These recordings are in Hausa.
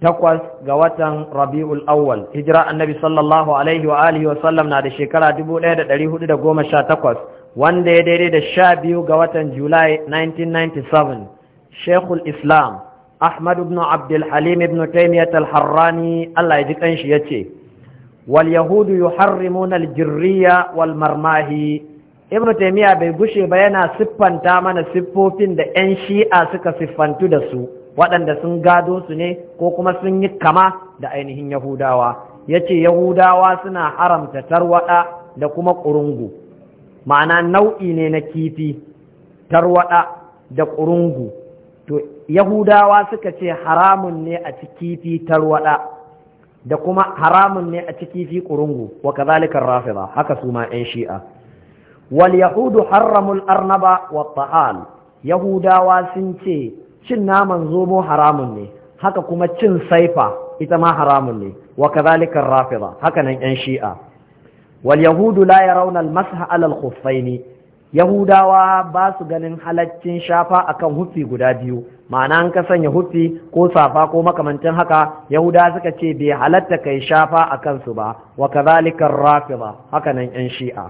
takwas ga watan rabi'ul awwal hijira annabi sallallahu alaihi wa alihi wa sallam na da shekara 1418 wanda ya daidai da sha biyu ga watan july 1997 shekul islam ahmad ibn abdul halim ibn taymiyat al-harrani Allah ya ji kanshi yace wal yahudu yuharrimuna al-jirriya wal marmahi ibn taymiya bai gushe ba yana siffanta mana siffofin da yan shi'a suka siffantu da su waɗanda sun gado su ne ko kuma sun yi kama da ainihin yahudawa ya ce yahudawa suna haramta tarwaɗa da kuma ƙurungu ma'ana nau'i ne na kifi tarwaɗa da ƙurungu to yahudawa suka ce haramun ne a ci kifi tarwaɗa da kuma haramun ne a ci kifi ƙurungu wa kazalikan rafira haka su ma 'yan shi'a wal yahudu harramul arnaba wa ta'al yahudawa sun ce cin naman zomo haramun ne haka kuma cin saifa ita ma haramun ne wa kadhalika rafida haka nan yan shi'a wal yahudu la yarawna al masha ala al khuffaini yahudawa ba su ganin halaccin shafa akan hufi guda biyu ma'ana an ka sanya hufi ko safa ko makamancin haka yahuda suka ce bai halatta kai shafa akan su ba wa kadhalika rafida haka nan yan shi'a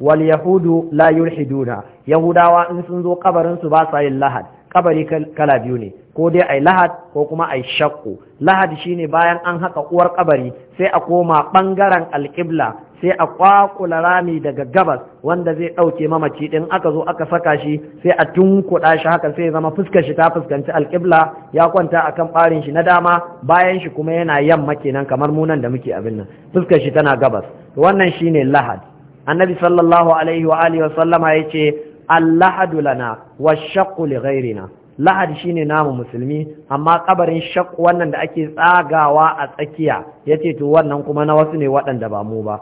wal yahudu la yulhiduna yahudawa in sun zo kabarin su ba sa yin lahad kabari kala biyu ne ko dai ai lahad ko kuma ai shakku lahad shine bayan an haka uwar kabari sai a koma bangaren alqibla sai a kwakula rami daga gabas wanda zai ɗauke mamaci ɗin aka zo aka saka shi sai a tunkuɗa shi haka sai zama fuskar shi ta fuskanci alqibla ya kwanta akan ɓarin shi na dama bayan shi kuma yana yamma kenan kamar munan da muke abin nan fuskar shi tana gabas wannan shine lahad annabi sallallahu alaihi wa alihi wa sallama yace allahadu lana wa shaqqu li ghairina lahad shine namu musulmi amma kabarin shaq wannan da ake tsagawa a tsakiya Ya ce to wannan kuma na wasu ne waɗanda ba mu ba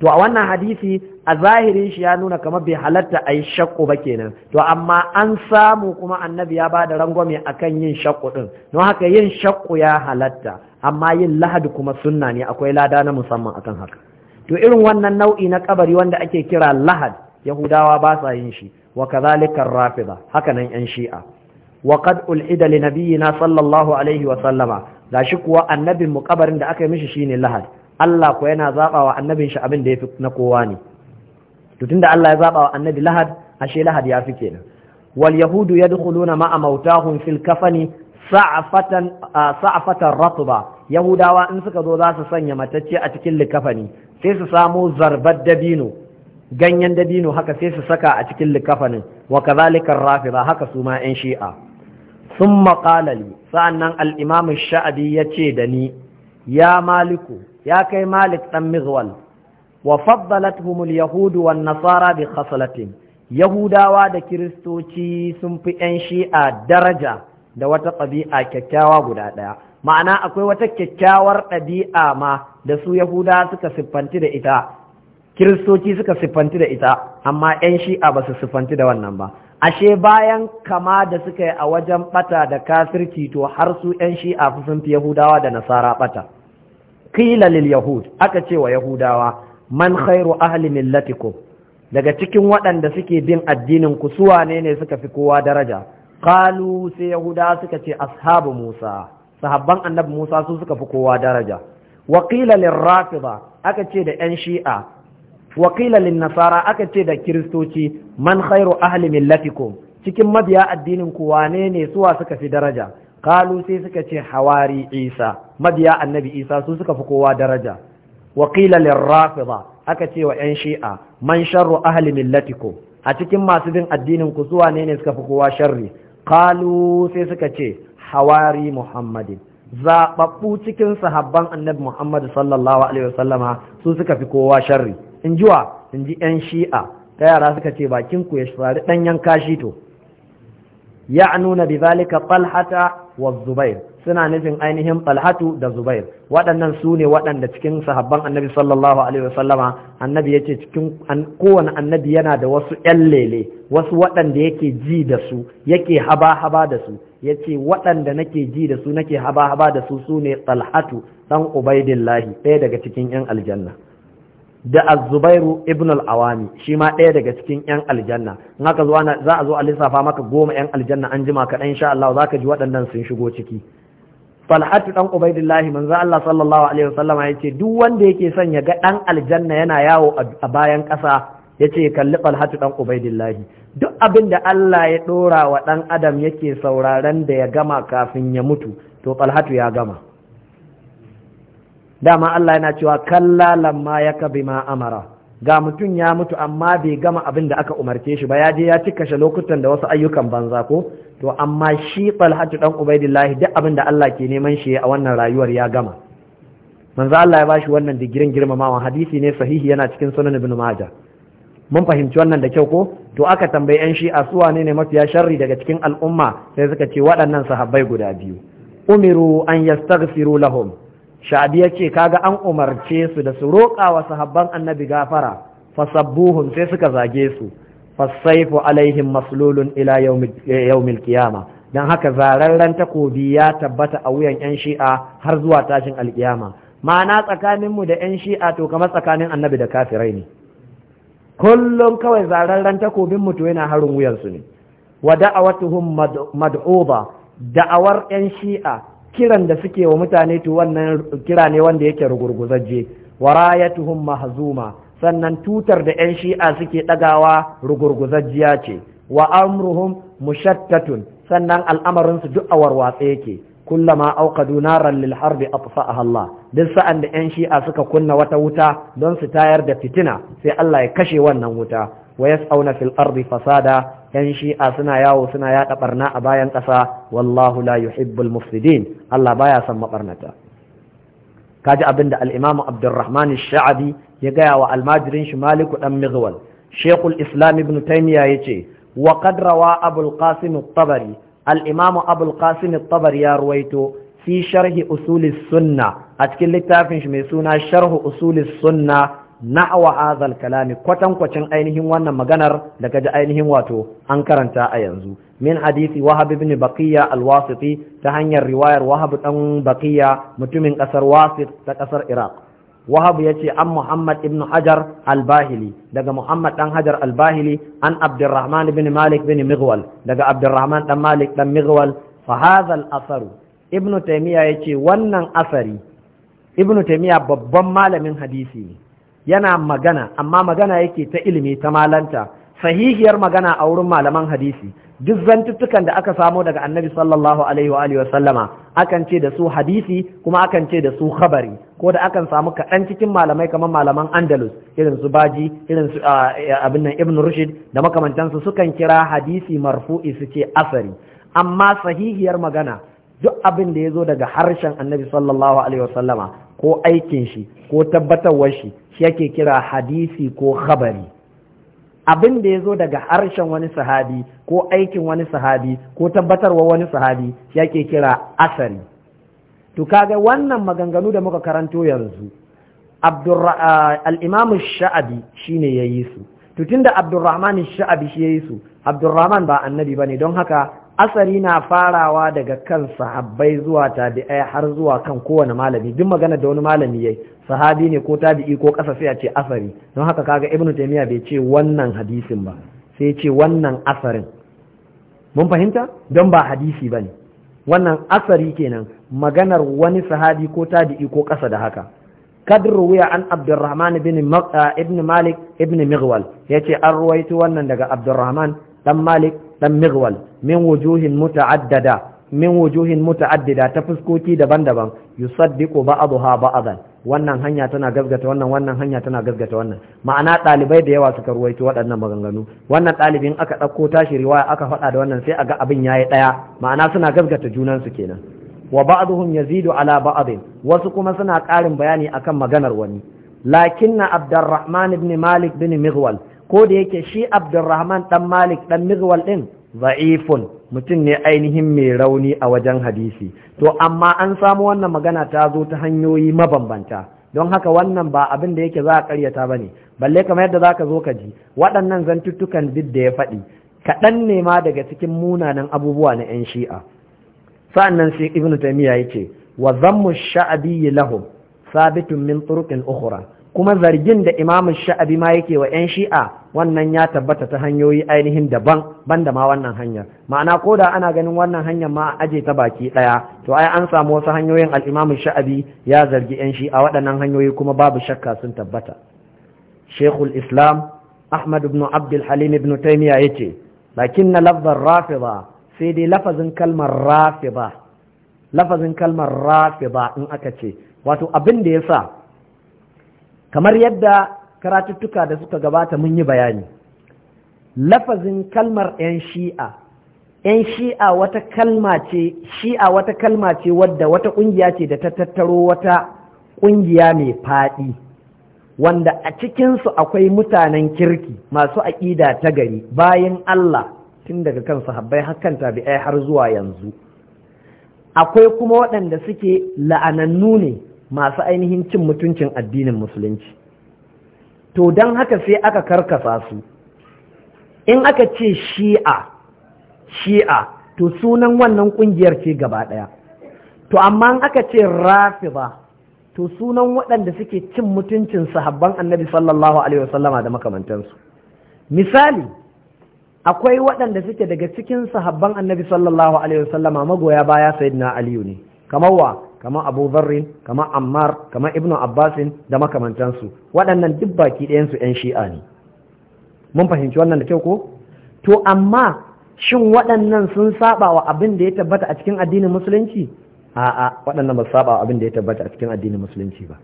to a wannan hadisi a zahirin shi ya nuna kamar bai halatta a yi shakku ba kenan to amma an samu kuma annabi ya ba rangwame akan yin shakku din don haka yin shakku ya halatta amma yin lahadi kuma sunna ne akwai lada na musamman akan haka to irin wannan nau'i na kabari wanda ake kira lahad yahudawa ba sa yin shi wa kadhalika rafida haka nan yan shi'a wa qad ul'ida li nabiyyina sallallahu alaihi wa sallama gashi kuwa annabin mu kabarin da aka yi mishi shine lahad Allah ko yana zaba wa annabin shi abin da yafi na kowa ne to tunda Allah ya zaba wa annabi lahad ashe lahad ya fi kenan wal yahudu yadkhuluna ma'a mautahum fil kafani sa'a fatan ratba yahudawa in suka zo za su sanya matacce a cikin likafani sai su samo zarbar dabino ganyen dabino haka sai su saka a cikin likafanin wa kazalika rafida haka su ma yan shi'a sun maƙalali sa'annan al'imamin sha'abi ya ce da ni ya maliku ya kai malik ɗan mizwal wa faddalat humul yahudu wa nasara bi khasalatin yahudawa da kiristoci sun fi yan shi'a daraja da wata ɗabi'a kyakkyawa guda ɗaya ma'ana akwai wata kyakkyawar ɗabi'a ma da su Yahudawa suka siffanti da ita kiristoci suka siffanti da ita amma 'yan shi'a ba su siffanti da wannan ba ashe bayan kama da suka yi a wajen bata da kasirci to har su 'yan shi'a sun fi yahudawa da nasara bata kila lil yahud aka ce wa yahudawa man khairu ahli millatikum daga cikin waɗanda suke bin addinin ku su wane ne suka fi kowa daraja qalu sai yahudawa suka ce ashabu musa sahabban annabi musa su suka fi kowa daraja wa qila lil ba aka ce da 'yan shi'a wa lin nasara aka ce da kiristoci man khairu ahli millatikum cikin mabiya addinin ku wane ne suwa suka fi daraja kalu sai suka ce hawari isa mabiya annabi isa su suka fi kowa daraja wa qila lirrafida aka ce wa yan shi'a man sharru ahli millatikum a cikin masu bin addinin ku suwa ne suka fi kowa sharri kalu sai suka ce hawari muhammadin zaɓaɓɓu cikin sahabban annabi muhammad sallallahu alaihi wasallama su suka fi kowa sharri in ji wa in ji 'yan shi'a ta yara suka ce bakin ku ya shirari ɗanyen kashi to ya nuna bi zalika wa zubair suna nufin ainihin ɓalhatu da zubair waɗannan su ne waɗanda cikin sahabban annabi sallallahu alaihi wasallama annabi ya ce cikin kowane annabi yana da wasu 'yan lele wasu waɗanda yake ji da su yake haba-haba da su ya ce waɗanda nake ji da su nake haba-haba da su su ne ɗalhatu ɗan ubaidillahi ɗaya daga cikin 'yan aljanna da az-zubairu ibn al-awami shi ma ɗaya daga cikin yan aljanna in haka zuwa za a zo a lissafa maka goma yan aljanna an jima kaɗan insha Allah za ka ji waɗannan sun shigo ciki falhatu dan ubaidillahi manzo Allah sallallahu alaihi wasallama yace duk wanda yake son ya ga ɗan aljanna yana yawo a bayan ƙasa yace ya kalli falhatu dan ubaidillahi duk abin da Allah ya dora wa dan adam yake sauraron da ya gama kafin ya mutu to falhatu ya gama dama Allah yana cewa kalla lamma yaka bima amara ga mutum ya mutu amma bai gama abin da aka umarce shi ba ya je ya ci kashe lokutan da wasu ayyukan banza ko to amma shi Talhatu dan Ubaidillah duk abin da Allah ke neman shi a wannan rayuwar ya gama manzo Allah ya bashi wannan digirin girmamawa hadisi ne sahihi yana cikin sunan Ibn Majah mun fahimci wannan da kyau ko to aka tambayi yan shi asuwa ne ne mafiya sharri daga cikin al'umma sai suka ce waɗannan sahabbai guda biyu umiru an yastaghfiru lahum sha'abi ya ce kaga an umarce su da su roƙa wa sahabban annabi gafara fasabbuhun sai suka zage su fasaifu alaihin maslulun ila yaumil kiyama don haka zararren takobi ya tabbata a wuyan yan shi'a har zuwa tashin alkiyama ma'ana tsakaninmu da yan shi'a to kamar tsakanin annabi da kafirai ne kullum kawai zararren takobin mutu yana harin wuyansu ne wa da'awatuhum mad'uba da'awar yan shi'a kiran da suke wa mutane to wannan kira ne wanda yake rugurguzajje warayatuhum mahzuma sannan tutar da yan shi'a suke dagawa rugurguzajjiya ce wa amruhum mushattatun sannan al'amarin su duk a warwatse yake kullama auqadu naran lil harbi atfa'aha Allah duk sa'an da yan shi'a suka kunna wata wuta don su tayar da fitina sai Allah ya kashe wannan wuta wa yas'auna fil ardi fasada yan shi'a suna yawo suna yaɗa ɓarna a bayan ƙasa wallahu la yuhibbul mufsidin Allah baya son mabarnata kaji abin da al-Imam Abdurrahman shaabi ya gaya wa almajirin shi Malik dan Mughwal shekul Islam Ibn Taymiyyah ya wa qad rawa abul al-Qasim at-Tabari al-Imam Abu qasim at-Tabari ya ruwaito fi sharhi usul as-sunnah a cikin littafin shi mai suna sharhu usul as-sunnah na'awa azal kalami kwatankwacin ainihin wannan maganar da kaji ainihin wato an karanta a yanzu min hadisi wahab ibn baqiya al ta hanyar riwayar wahab dan baqiya mutumin kasar wasit ta kasar iraq wahab ya ce an muhammad ibn hajar al-bahili daga muhammad dan hajar al-bahili an abdurrahman ibn malik bin mighwal daga abdurrahman dan malik dan mighwal fa hadha al-athar ibn taymiya yace wannan asari ibn taymiya babban malamin hadisi ne yana magana amma magana yake ta ilimi ta malanta sahihiyar magana a wurin malaman hadisi duk zantuttukan da aka samo daga annabi sallallahu alaihi wa alihi akan ce da su hadisi kuma akan ce da su khabari ko da akan samu kaɗan cikin malamai kamar malaman andalus irin su baji irin su ah, abin nan ibn rushd da makamantansu sukan kira hadisi marfu'i su ce asari amma sahihiyar magana duk abin da ya zo daga harshen annabi sallallahu alaihi wa sallama ko aikin shi ko tabbatarwar shi shi yake kira hadisi ko khabari abin da ya zo daga harshen wani sahabi ko aikin wani sahabi ko tabbatarwa wani sahabi shi yake kira asari to kaga wannan maganganu da muka karanto yanzu ah, al-imam sha'abi shine yayi su to tunda abdurrahman sha'abi shi yayi su abdurrahman ba annabi bane don haka asari na farawa daga kan sahabbai zuwa tabi'ai har zuwa kan kowane malami duk magana da wani malami yayi sahabi ne ko tabi'i ko ƙasa sai a ce asari don haka kaga ibnu taymiya bai ce wannan hadisin ba sai ce wannan asarin mun fahimta don ba hadisi bane wannan asari kenan maganar wani sahabi ko tabi'i ko ƙasa da haka kadru ruwiya an abdurrahman ibn malik ibn ya yace an ruwaito wannan daga abdurrahman dan malik dan migwal min wujuhin muta'addada min wujuhin muta'addida ta fuskoki daban-daban yusaddiqu ba'daha ba'dan wannan hanya tana gazgata wannan wannan hanya tana gazgata wannan ma'ana ɗalibai da yawa suka ruwaito waɗannan maganganu wannan ɗalibin aka ɗauko tashi riwaya aka faɗa da wannan sai a ga abin ya yi ɗaya ma'ana suna gazgata junansu kenan wa ba'dhum yazidu ala ba'd wasu kuma suna ƙarin bayani akan maganar wani lakinna abdurrahman ibn malik bin migwal ko da yake shi abdurrahman dan malik dan migwal din za'ifun mutum ne ainihin mai rauni a wajen hadisi to amma an samu wannan magana ta zo ta hanyoyi mabambanta don haka wannan ba abin da yake za a karyata ba ne balle kamar yadda za ka zo ka ji waɗannan zantuttukan duk da ya faɗi kaɗan ne ma daga cikin munanan abubuwa na 'yan shi'a sa'annan sai ibnu taymiya yace wa zammu yi lahum sabitun min turuqin ukhra kuma zargin da imamu sha'abi ma yake wa 'yan shi'a wannan ya tabbata ta hanyoyi ainihin daban banda ma wannan hanyar ma'ana ko da ana ganin wannan hanyar ma aje ta baki ɗaya to ai an samu wasu hanyoyin al'imamu sha'abi ya zargi 'yan shi'a waɗannan hanyoyi kuma babu shakka sun tabbata shekul islam ahmad ibn abdul halim ibn taimiya ya ce lakin na lafzar ba, sai dai lafazin kalmar ba. lafazin kalmar ba in aka ce wato abin da ya sa kamar yadda karatuttuka da suka gabata mun yi bayani lafazin kalmar 'yan shi'a 'yan shi'a wata kalma ce shi'a wata kalma ce wadda wata ƙungiya ce da ta tattaro wata ƙungiya mai faɗi wanda a cikinsu akwai mutanen kirki masu aƙida ta gari bayan Allah tun daga kan sahabbai hakan tabi'ai har zuwa yanzu akwai kuma waɗanda suke la'anannu ne masu ainihin cin mutuncin addinin musulunci to don haka sai aka karkasa su in aka ce shi'a shi'a to sunan wannan ƙungiyar ce gaba ɗaya to amma in aka ce Rafi ba, to sunan waɗanda suke cin mutuncin sahabban annabi sallallahu alaihi wasallama da makamantansu misali akwai waɗanda suke daga cikin sahabban annabi sallallahu alaihi wasallama magoya baya sayyidina aliyu ne kamar wa kamar abu zarrin kamar ammar kamar ibnu abbasin da makamantansu waɗannan duk baki ɗayansu 'yan shi'a ne mun fahimci wannan da kyau ko to amma shin waɗannan sun saba wa abin da ya tabbata a cikin addinin musulunci a'a waɗannan ba su saba wa abin da ya tabbata a cikin addinin musulunci ba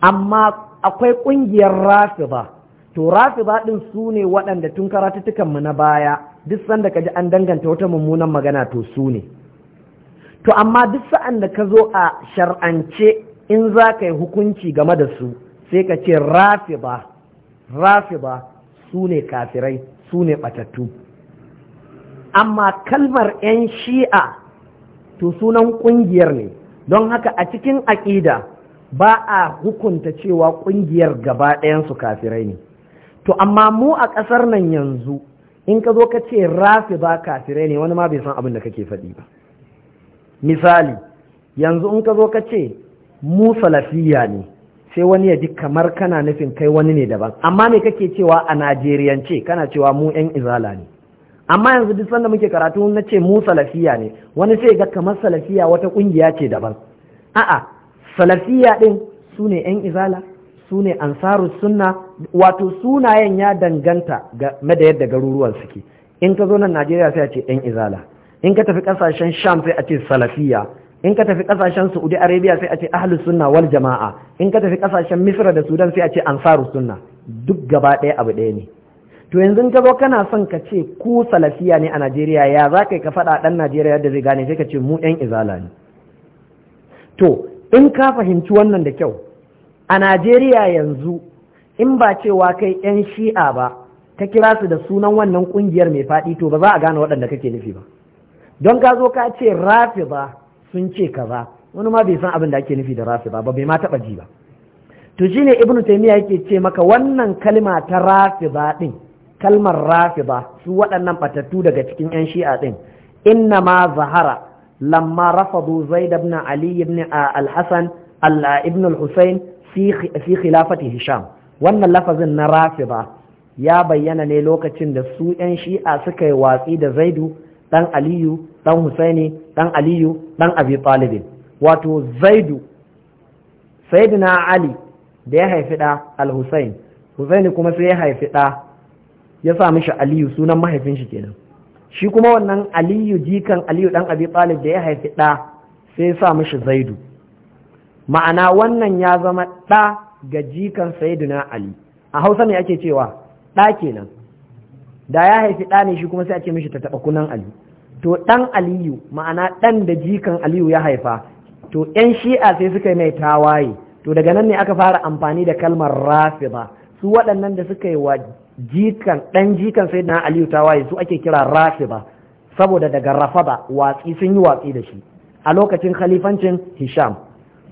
amma akwai ƙungiyar rafiba. to rafida ɗin su ne waɗanda tun karatuttukan mu na baya duk sanda ka ji an danganta wata mummunan magana to su ne to amma duk sa'an da ka zo a shar'ance in za ka yi hukunci game da su sai ka ce rafi ba. rafi ba su ne kafirai su ne batattu amma kalmar 'yan shi'a to sunan ƙungiyar ne don haka a cikin aƙida ba a hukunta cewa ƙungiyar gaba ɗayansu kafirai ne to amma mu a ƙasar nan yanzu in ka zo ka ce rafi ba kafirai ne wani ma bai san abin da kake faɗi ba misali yanzu in ka zo ka ce mu salafiya ne sai wani ya ji kamar kana nufin kai wani ne daban amma me kake cewa a najeriyance kana cewa mu yan izala ne amma yanzu duk sanda muke karatu na ce mu salafiya ne wani sai ga kamar salafiya wata kungiya ce daban a'a salafiya din su ne yan izala su ne ansaru sunna wato sunayen ya danganta game da yadda garuruwan suke in ka zo nan najeriya sai a ce yan izala in ka tafi kasashen sham sai a ce salafiya in ka tafi kasashen saudi arabia sai a ce ahlus sunna wal jama'a in ka tafi kasashen misra da sudan sai a ce ansarus sunna duk gaba ɗaya abu ɗaya ne to yanzu ka zo kana son ka ce ku salafiya ne a najeriya ya za ka yi ka faɗa ɗan najeriya da zai gane sai ka ce mu ɗan izala ne to in ka fahimci wannan da kyau a najeriya yanzu in ba cewa kai yan shi'a ba ta kira su da sunan wannan ƙungiyar mai faɗi to ba za a gane waɗanda kake nufi ba don ka zo ka ce rafida sun ce kaza wani ma bai san abin da ake nufi da rafida ba bai ma taba ji ba to shine ibnu taymiya yake ce maka wannan kalma ta rafiba din kalmar rafiba su waɗannan batattu daga cikin yan shi'a din inna ma zahara lamma rafadu zaid ibn ali ibn al-hasan ibn al-husayn fi khilafati hisham wannan lafazin na rafiba ya bayyana ne lokacin da su yan shi'a suka yi watsi da zaidu dan aliyu dan husaini dan aliyu dan abi talibin wato zaidu sayyidina ali da ya haifi da al-husain husaini kuma sai ya haifi da ya sa mishi aliyu sunan mahaifin shi kenan shi kuma wannan aliyu jikan aliyu dan abi talib da ya haifi da sai ya sa mishi zaidu ma'ana wannan ya zama da ga jikan sayyidina ali a hausa ne ake cewa da kenan da ya haifi da ne shi kuma sai ake mishi ta taba kunan ali to ɗan aliyu ma'ana ɗan da jikan aliyu ya haifa to 'yan shi'a sai suka yi mai tawaye to daga nan ne aka fara amfani da kalmar rafi ba, su waɗannan da suka yi wa jikan ɗan jikan sai na aliyu tawaye su ake kira ba? saboda daga rafaba, watsi sun yi watsi da shi a lokacin khalifancin hisham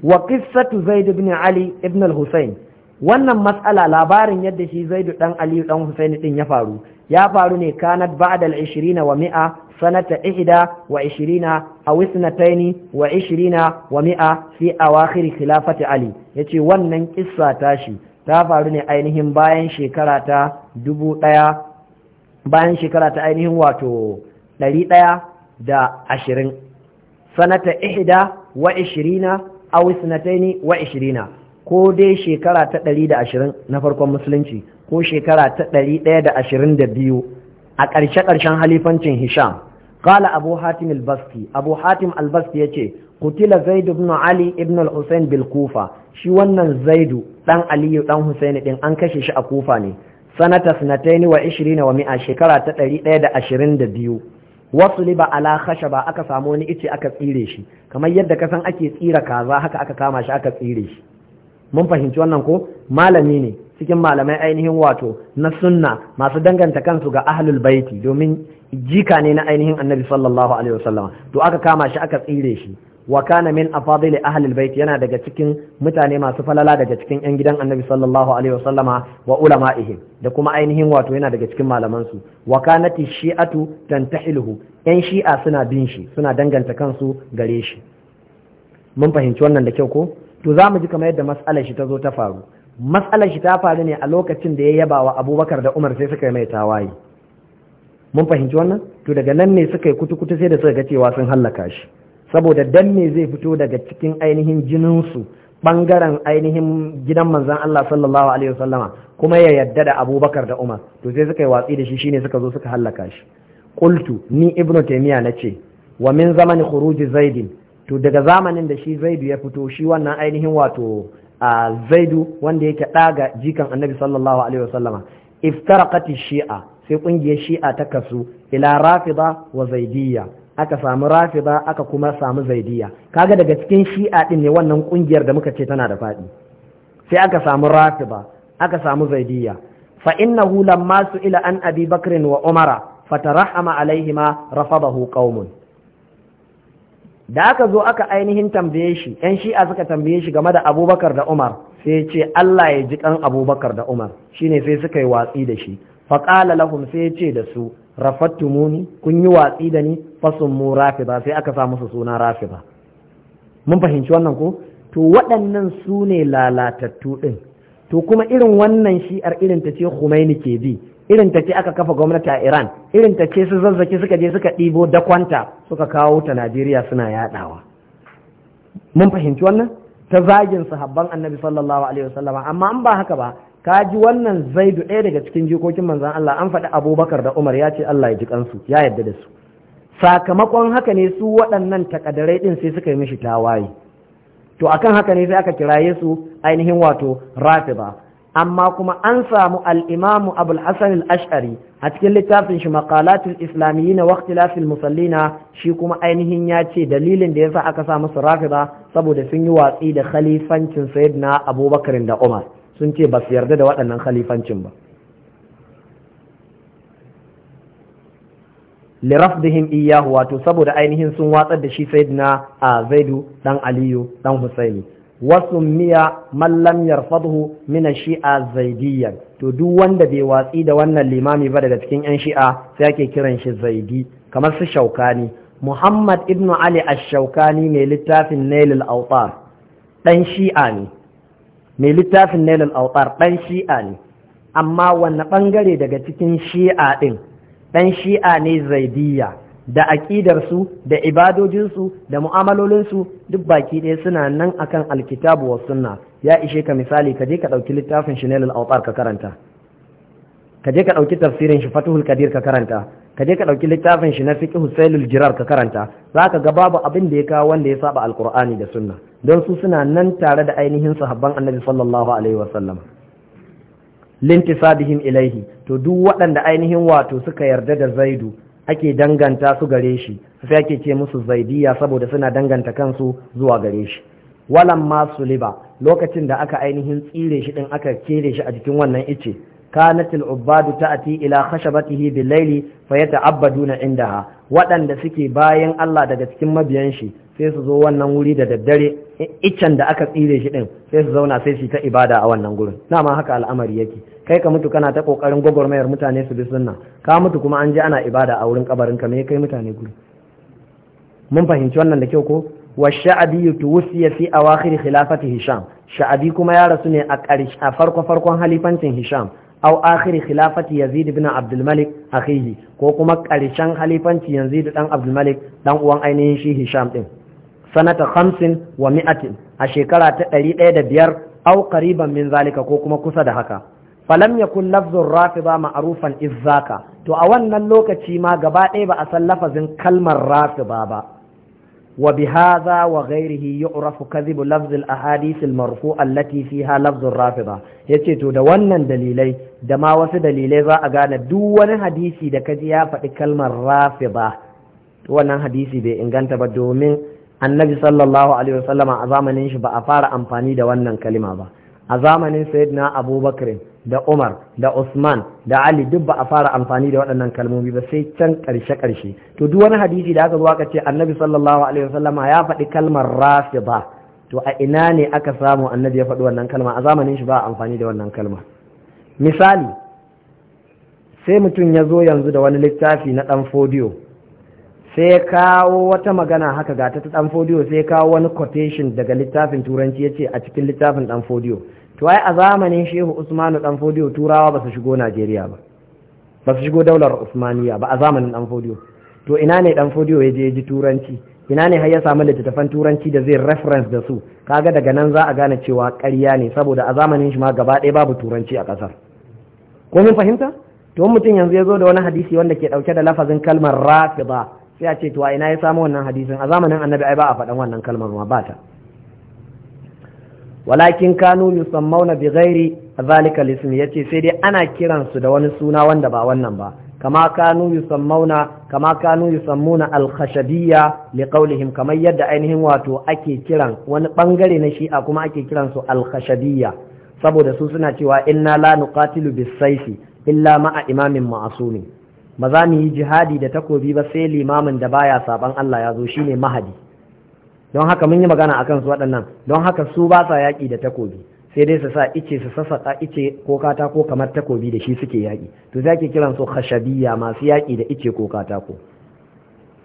wa qissatu zaid ibn ali ibn al-husayn wannan matsala labarin yadda shi zaidu ɗan aliyu dan husayn din ya faru ya faru ne kanat ba'da al-20 wa mi'a sanata ihda wa ishirina a wisnataini wa ishirina wa mi'a fi awakhir khilafati ali yace wannan kissa tashi ta faru ne ainihin bayan shekara ta dubu ɗaya bayan shekara ta ainihin wato ɗari ɗaya da ashirin sanata ihda wa ishirina a wisnataini wa ishirina ko dai shekara ta ɗari da ashirin na farkon musulunci ko shekara ta ɗari ɗaya da ashirin da biyu a ƙarshe-ƙarshen halifancin hisham Kale abu hatim al-basti abu hatim al yace kutila zaid ibn ali ibn al-husayn bil kufa shi wannan zaidu dan aliyu dan husayn din an kashe shi a kufa ne sanata sanataini wa 20 wa mi'a shekara ta 122 wasu liba ala khashaba aka samu wani ice aka tsire shi kamar yadda ka san ake tsira kaza haka aka kama shi aka tsire shi mun fahimci wannan ko malami ne cikin malamai ainihin wato na sunna masu danganta kansu ga ahlul baiti domin jika ne na ainihin annabi sallallahu alaihi wasallam to aka kama shi aka tsire shi wa kana min afadil ahli albayt yana daga cikin mutane masu falala daga cikin yan gidan annabi sallallahu alaihi wasallama wa ulama'ihi da kuma ainihin wato yana daga cikin malaman su wa kana shi'atu tantahiluhu yan shi'a suna bin shi suna danganta kansu gare shi mun fahimci wannan da kyau ko to zamu ji kamar yadda mas'alar shi ta zo ta faru mas'alar shi ta faru ne a lokacin da ya yaba wa abubakar da umar sai suka yi mai tawaye mun fahimci wannan to daga nan ne suka yi kutu-kutu sai da suka ga cewa sun hallaka shi saboda dan ne zai fito daga cikin ainihin jininsu bangaren ainihin gidan manzan Allah sallallahu alaihi wasallama kuma ya yadda da abubakar da umar to sai suka yi watsi da shi shine suka zo suka hallaka shi Kultu ni ibnu taymiya nace wa min zamani khuruji zaidin to daga zamanin da shi zaidu ya fito shi wannan ainihin wato a zaidu wanda yake ɗaga jikan annabi sallallahu alaihi wasallama iftaraqati shi'a sai ƙungiyar shi'a ta kasu ila rafida wa zaidiyya aka samu rafida aka kuma samu zaidiyya kaga daga cikin shi'a din ne wannan ƙungiyar da muka ce tana da faɗi sai aka samu rafida aka samu zaidiyya fa innahu lamma ila an abi bakrin wa umara fatarahama alaihima rafadahu qaumun da aka zo aka ainihin tambaye shi yan shi'a suka tambaye shi game da abubakar da umar sai ce allah ya ji kan abubakar da umar shine sai suka yi watsi da shi faƙala lahum sai ya ce da su muni kun yi watsi da ni fasun mu rafida sai aka sa musu suna rafida mun fahimci wannan ko to waɗannan su ne lalatattu ɗin to kuma irin wannan shi'ar irin ta ce khumaini ke bi irin ta ce aka kafa gwamnati a Iran irin ta ce su zazzaki suka je suka ɗibo dakwanta suka kawo ta Najeriya suna yaɗawa mun fahimci wannan ta zagin sahabban annabi sallallahu alaihi Wasallama, amma an ba haka ba ka ji wannan zaidu ɗaya daga cikin jikokin manzan Allah an faɗi abubakar da umar ya ce Allah ya ji kansu ya yarda da su sakamakon haka ne su waɗannan takadarai ɗin sai suka yi mishi tawaye to akan haka ne sai aka kiraye su ainihin wato rafida amma kuma an samu al-imam abul hasan al-ash'ari a cikin littafin shi maqalatul islamiyyin wa ikhtilafil musallina shi kuma ainihin ya ce dalilin da yasa aka sa musu rafida saboda sun yi watsi da khalifancin sayyidina abubakar da umar sun ce ba su yarda da waɗannan khalifancin ba lirafdihim iyahu wato saboda ainihin sun watsar da shi saidna a zaidu dan aliyu dan husaini wasu miya mallam yarfadhu min shi'a zaidiyyan to duk wanda bai watsi da wannan limami ba daga cikin yan shi'a sai ake kiran shi zaidi kamar su shaukani muhammad ibnu ali ash-shaukani mai littafin nailul awtar dan shi'a ne mai littafin nailul autar ɗan shi'a ne amma wanne ɓangare daga cikin shi'a ɗin ɗan shi'a ne zaidiyya da aƙidarsu da ibadojinsu da mu'amalolinsu duk baki ɗaya suna nan akan alkitabu wa sunna ya ishe ka misali ka je ka ɗauki littafin shi nailul autar ka karanta ka je ka ɗauki tafsirin shi fatuhul kadir ka karanta ka je ka ɗauki littafin shi na fiqh husailul jirar ka karanta Za ka ga babu abin da ya kawo wanda ya saba Alkur'ani da sunna don su suna nan tare da ainihin sahabban annabi sallallahu alaihi wasallam lintisabihim ilaihi to duk waɗanda ainihin wato suka yarda da zaidu ake danganta su gare shi sai ake ce musu zaidiya saboda suna danganta kansu zuwa gare shi walan ma liba, lokacin da aka ainihin tsire shi din aka kere shi a jikin wannan ice كانت العباد تأتي إلى خشبته بالليل فيتعبدون عندها وأن دسكي باين الله دكتكم بينشي sai su zo wannan wuri da daddare iccen da aka tsire shi din sai su zauna sai su ta ibada a wannan gurin ma haka al'amari yake kai ka mutu kana ta kokarin gwagwarmayar mutane su bi sunna ka mutu kuma an je ana ibada a wurin kabarin ka me kai mutane guri mun fahimci wannan da kyau ko wa sha'abi tuwsiya fi awakhir khilafati hisham sha'abi kuma ya rasu ne a farko farkon halifancin hisham aw akhiri khilafati yazid ibn Abdulmalik malik akhihi ko kuma karshen halifanci yazid dan abdul malik dan uwan ainihin shi hisham din sanata 50 wa mi'atin a shekara ta 105 aw qariban min zalika ko kuma kusa da haka falam yakun lafzur rafida ma'rufan izzaka to a wannan lokaci ma gaba ɗaya ba a san lafazin kalmar rafida ba وبهذا وغيره يعرف كذب لفظ الاحاديث المرفوع التي فيها لفظ الرافضه yace to da wannan dalilai da ma wasu dalilai za a gane duk wani hadisi da kaji ya faɗi kalmar rafida wannan hadisi bai inganta ba domin annabi sallallahu alaihi wasallama a zamanin shi ba a fara amfani da wannan kalima ba a zamanin sayyidina abubakar da Umar da Usman da Ali duk ba a fara amfani da waɗannan kalmomi ba sai can ƙarshe ƙarshe to duk wani hadisi da aka zo aka ce Annabi sallallahu alaihi wasallama ya faɗi kalmar rafida to a ina ne aka samu Annabi ya faɗi wannan kalma a zamanin shi ba a amfani da wannan kalma misali sai mutum ya zo yanzu da wani littafi na ɗan fodiyo sai ya kawo wata magana haka ga ta ɗan fodiyo sai ya kawo wani quotation daga littafin turanci ya ce a cikin littafin ɗan fodiyo to ai a zamanin shehu usmanu dan fodiyo turawa ba su shigo najeriya ba ba su shigo daular usmaniya ba a zamanin dan fodiyo to ina ne dan fodiyo ya je ji turanci ina ne har ya samu littattafan turanci da zai reference da su kaga daga nan za a gane cewa ƙarya ne saboda a zamanin shi ma gaba ɗaya babu turanci a ƙasar ko mun fahimta to mutum yanzu ya zo da wani hadisi wanda ke ɗauke da lafazin kalmar rafida sai a ce to ina ya samu wannan hadisin a zamanin annabi ai ba a faɗan wannan kalmar ma ba ta walakin kanu yusammauna bi ghairi zalika lism yace sai dai ana kiransu da wani suna wanda ba wannan ba kama kanu yusammauna kama kanu yusammuna al-khashabiyya liqaulihim kamar yadda ainihin wato ake kiran wani bangare na shi'a kuma ake kiransu al-khashabiyya saboda su suna cewa inna la nuqatilu bis-sayfi illa ma'a imamin ma'asumi ba za mu yi jihadi da takobi ba sai limamin da baya saban Allah ya zo shine mahadi don haka mun yi magana a kansu waɗannan don haka su ba sa yaƙi da takobi sai dai su sa ice su sassaƙa ice ko katako kamar takobi da shi suke yaƙi to zaki kiran su khashabiyya masu yaƙi da ice ko katako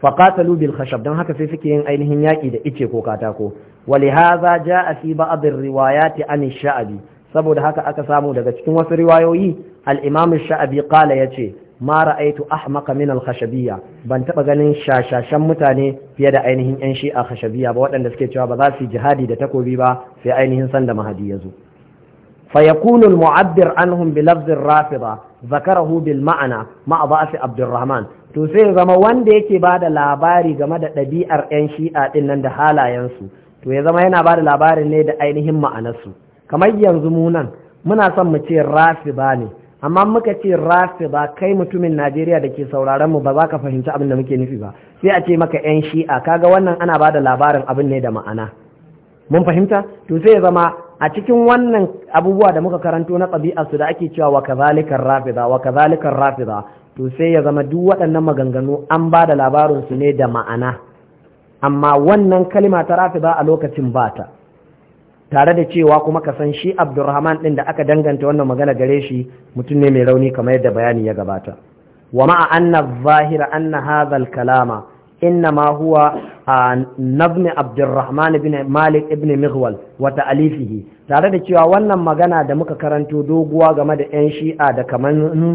faqatalu bil khashab don haka sai suke yin ainihin yaƙi da ice ko katako walihaza jaa fi ba'd riwayati an sha'abi saboda haka aka samu daga cikin wasu riwayoyi al-imam sha'abi qala yace ma ra'aitu ahmaqa min al-khashabiyya ban taba ganin shashashan mutane fiye da ainihin yan shi'a khashabiyya ba waɗanda suke cewa ba za su jihadi da takobi ba sai ainihin san da mahadi yazo fa yakunu al-mu'abbir anhum bi lafz ar-rafida zakarahu bil ma'ana ma ba'si abdurrahman to sai zama wanda yake bada labari game da ɗabi'ar yan shi'a din nan da halayensu to ya zama yana bada labarin ne da ainihin ma'anarsu kamar yanzu mu nan muna son mu ce rafida ne amma muka ce rafi ba kai mutumin najeriya da ke sauraron mu ba za ka fahimci abin da muke nufi ba sai a ce maka yan shi'a kaga wannan ana ba da labarin abin ne da ma'ana mun fahimta to sai ya zama a cikin wannan abubuwa da muka karanto na su da ake cewa wa kazalikar rafida wa kazalikar rafida to sai ya zama duk waɗannan maganganu an ba da labarin su ne da ma'ana amma wannan kalima ta ba a lokacin ba ta tare da cewa kuma ka san shi Abdulrahman ɗin da aka danganta wannan magana gare shi mutum ne mai rauni kamar yadda bayani ya gabata wa ma'a anna zahira anna hadha kalama إنما هو nazmi عبد ibn Malik Ibn ابن wata وتأليفه tare da cewa wannan magana da muka karanto doguwa game da 'yan shi'a da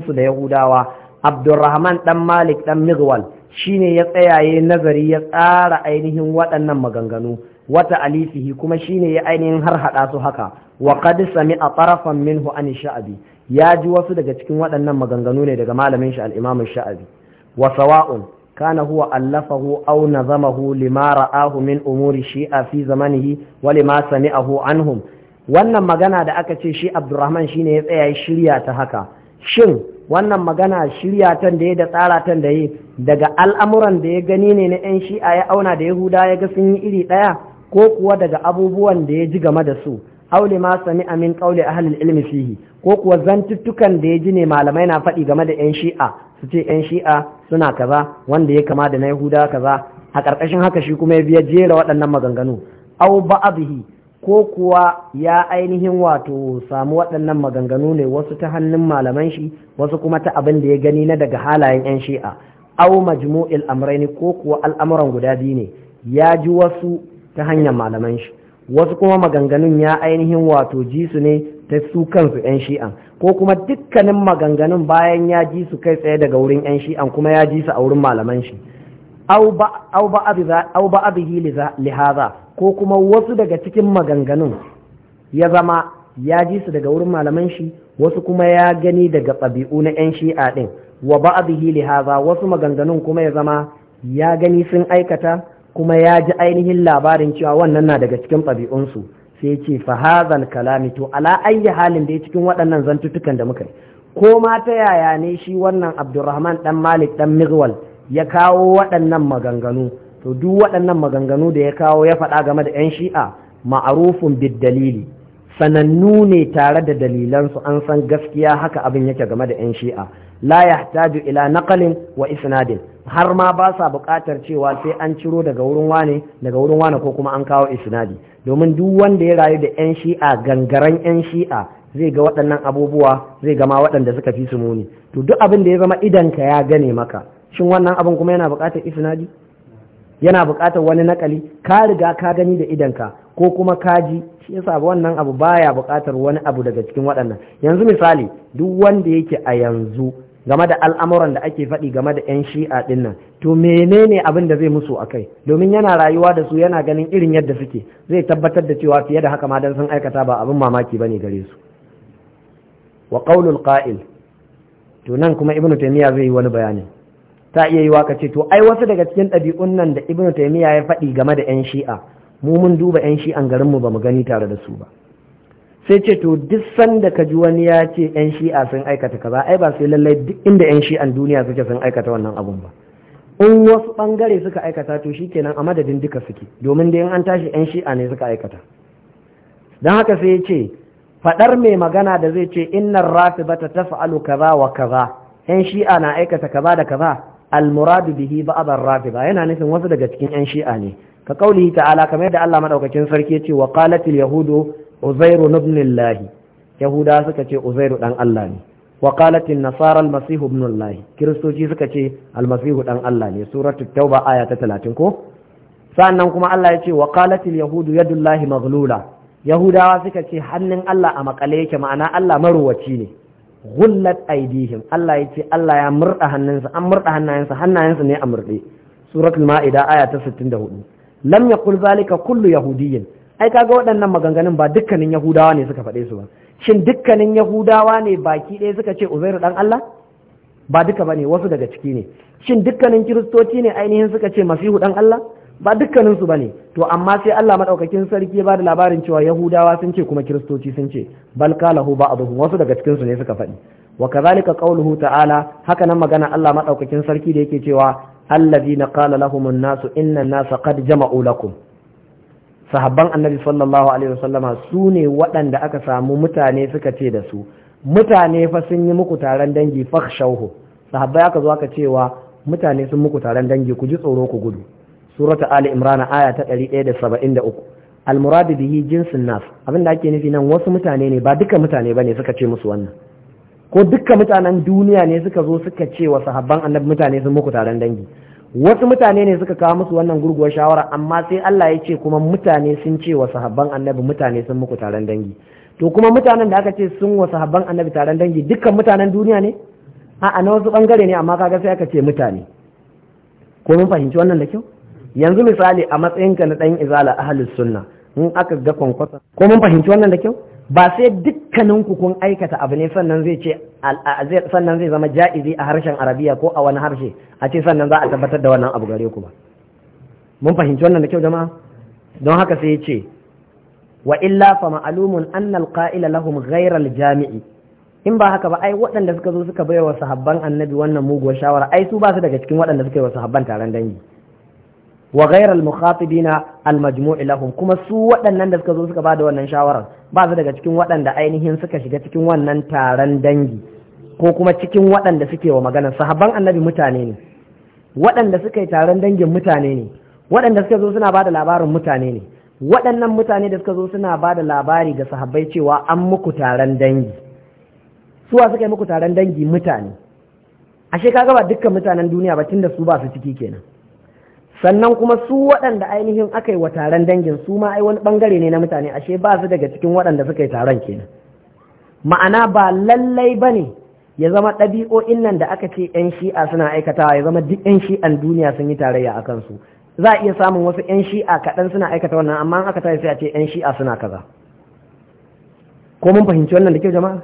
su da yahudawa Abdulrahman ɗan malik dan shi shine ya tsayaye nazari ya tsara ainihin waɗannan maganganu wata alifihi kuma shine ya ainihin har hada su haka wa qad a tarafan minhu an sha'abi ya ji wasu daga cikin waɗannan maganganu ne daga malamin shi al-imam sha'abi wa sawa'un kana huwa allafahu aw nazamahu lima ra'ahu min umuri shi'a fi zamanihi wa lima sami'ahu anhum wannan magana da aka ce shi abdurrahman shine ya tsaya shirya ta haka shin wannan magana shirya tan da ya da tsara tan da ya daga al'amuran da ya gani ne na 'yan shi'a ya auna da yahuda ya ga sun yi iri ɗaya ko kuwa daga abubuwan da ya ji game da su aule ma sami amin a halin ilmi fihi ko kuwa zantuttukan da ya ji ne malamai na faɗi game da yan shi'a su ce yan shi'a suna kaza wanda ya kama da na yahuda kaza a ƙarƙashin haka shi kuma ya biya jera waɗannan maganganu au ba'abihi ko kuwa ya ainihin wato samu waɗannan maganganu ne wasu ta hannun malaman shi wasu kuma ta abin da ya gani na daga halayen yan shi'a au majmu'il amraini ko kuwa al'amuran guda biyu ne ya ji wasu ta hanyar malaman shi wasu kuma maganganun ya ainihin wato ji su ne ta su kansu 'yan shi'an ko kuma dukkanin maganganun bayan ya ji su kai tsaye daga wurin 'yan shi'an kuma ya ji su a wurin malaman shi au ba abihi lihaza ko kuma wasu daga cikin maganganun ya zama ya ji su daga wurin malaman shi wasu kuma ya gani daga ɗabi'u na 'yan shi'a ɗin wa ba abihi lihaza wasu maganganun kuma ya zama ya gani sun aikata kuma ya ji ainihin labarin cewa wannan na daga cikin ɗabi'unsu sai ce fahazan kalami to ala ayyi halin da ya cikin waɗannan zantutukan da muka yi ko ma ta yaya ne shi wannan abdurrahman dan malik dan mirwal ya kawo waɗannan maganganu to duk waɗannan maganganu da ya kawo ya faɗa game da 'yan shi'a ma'arufin bid dalili sanannu ne tare da dalilansu an san gaskiya haka abin yake game da 'yan shi'a la yahtaju ila naqalin wa isnadin har ma ba sa buƙatar cewa sai an ciro daga wurin wane daga wurin wane ko kuma an kawo isnadi domin duk wanda ya rayu da yan shi'a gangaren yan shi'a zai ga waɗannan abubuwa zai gama waɗanda suka fi su muni to duk abin da ya zama idanka ya gane maka shin wannan abin kuma yana buƙatar isnadi yana buƙatar wani nakali ka riga ka gani da idanka ko kuma kaji shi yasa wannan abu baya buƙatar wani abu daga cikin waɗannan yanzu misali duk wanda yake a yanzu game da al'amuran da ake faɗi game da 'yan shi'a ɗin nan to menene abin da zai musu a kai domin yana rayuwa da su yana ganin irin yadda suke zai tabbatar da cewa fiye da haka ma dan sun aikata ba abin mamaki bane gare su wa qaulul qa'il to nan kuma ibnu taymiya zai yi wani bayani ta iya yi waka ce to ai wasu daga cikin ɗabi'un nan da ibnu taymiya ya faɗi game da 'yan shi'a mu mun duba 'yan shi'an garin mu bamu gani tare da su ba sai ce to duk sanda ka ji wani ya ce yan shi'a sun aikata kaza ai ba sai lallai duk inda yan shi'an duniya suke sun aikata wannan abun ba in wasu bangare suka aikata to shikenan a madadin duka suke domin dai in an tashi yan shi'a ne suka aikata don haka sai ya ce faɗar mai magana da zai ce innar rafibata taf'alu kaza wa kaza yan shi'a na aikata kaza da kaza almuradu bihi ba'd ar-rafiba yana nufin wasu daga cikin yan shi'a ne ka kauli ta'ala kamar yadda Allah madaukakin sarki ya ce wa qalatil yahudu uzairu nubnillahi yahuda suka ce uzairu dan Allah ne wa qalat nasara al ibn Allah kiristoci suka ce al dan Allah ne suratu tauba aya ta 30 ko sannan kuma Allah ya ce wa qalat yahudu yadullahi maghlula yahudawa suka ce hannun Allah a makale yake ma'ana Allah maruwaci ne gullat aidihim Allah ya ce Allah ya murda hannunsa an murda hannayensa hannayensa ne a murde suratul ma'ida aya ta 64 lam yaqul zalika kullu yahudiyyin ai kaga waɗannan maganganun ba dukkanin yahudawa ne suka faɗe su ba shin dukkanin yahudawa ne baki ɗaya suka ce uzairu dan Allah ba duka bane wasu daga ciki ne shin dukkanin kiristoci ne ainihin suka ce masihu dan Allah ba dukkanin su bane to amma sai Allah madaukakin sarki ya bada labarin cewa yahudawa sun ce kuma kiristoci sun ce bal a ba'dhum wasu daga cikin su ne suka faɗi wa kadhalika qawluhu ta'ala haka nan magana Allah madaukakin sarki da yake cewa na qala lahumun nasu inna nasa qad jama'u lakum sahabban annabi sallallahu alaihi wasallama su ne waɗanda aka samu mutane suka ce da su mutane fa sun yi muku taron dangi shauhu sahabbai aka zo aka cewa mutane sun muku taron dangi ku ji tsoro ku gudu surata ali imran aya ta 173 almuradu bihi jinsin nas abinda ake nufi nan wasu mutane ne ba duka mutane bane suka ce musu wannan ko duka mutanen duniya ne suka zo suka ce wa sahabban annabi mutane sun muku taron dangi wasu mutane ne suka kawo musu wannan gurguwar shawara amma sai Allah ya ce kuma mutane sun ce wa sahabban annabi mutane sun muku taron dangi to kuma mutanen da aka ce sun wa sahabban annabi taron dangi dukkan mutanen duniya ne a'a na wasu bangare ne amma kaga sai aka ce mutane ko mun fahimci wannan da kyau yanzu misali a matsayinka na ɗan izala ahlus sunna in aka ga kwankwasa ko mun fahimci wannan da kyau ba sai dukkanin ku kun aikata abu ne sannan zai ce sannan zai zama ja'izi a harshen arabiya ko a wani harshe a ce sannan za a tabbatar da wannan abu gare ku ba mun fahimci wannan da kyau jama'a don haka sai ya ce wa illa fa ma'lumun annal qa'ila lahum ghayral jami'i in ba haka ba ai waɗanda suka zo suka bayar wa sahabban annabi wannan muguwar shawara ai su ba su daga cikin waɗanda suka yi wa sahabban taron dangi wa ghayr al mukhatibina al majmu'i lahum kuma su waɗannan da suka zo suka bada wannan shawarar ba su daga cikin waɗanda ainihin suka shiga cikin wannan taron dangi ko kuma cikin waɗanda suke wa magana sahabban annabi mutane ne waɗanda suka yi taron dangin mutane ne waɗanda suka zo suna bada labarin mutane ne waɗannan mutane da suka zo suna bada labari ga sahabbai cewa an muku taron dangi suwa suka yi muku taron dangi mutane ashe kaga ba dukkan mutanen duniya ba tunda su ba su ciki kenan sannan kuma su waɗanda ainihin aka yi wa taron dangin su ma ai wani ɓangare ne na mutane ashe ba su daga cikin waɗanda suka yi taron kenan ma'ana ba lallai ba ne ya zama ɗabi'o'in nan da aka ce 'yan shi'a suna aikatawa ya zama duk 'yan shi'an duniya sun yi tarayya a kansu za a iya samun wasu 'yan shi'a kaɗan suna aikata wannan amma aka tare sai a ce 'yan shi'a suna kaza ko mun fahimci wannan da kyau jama'a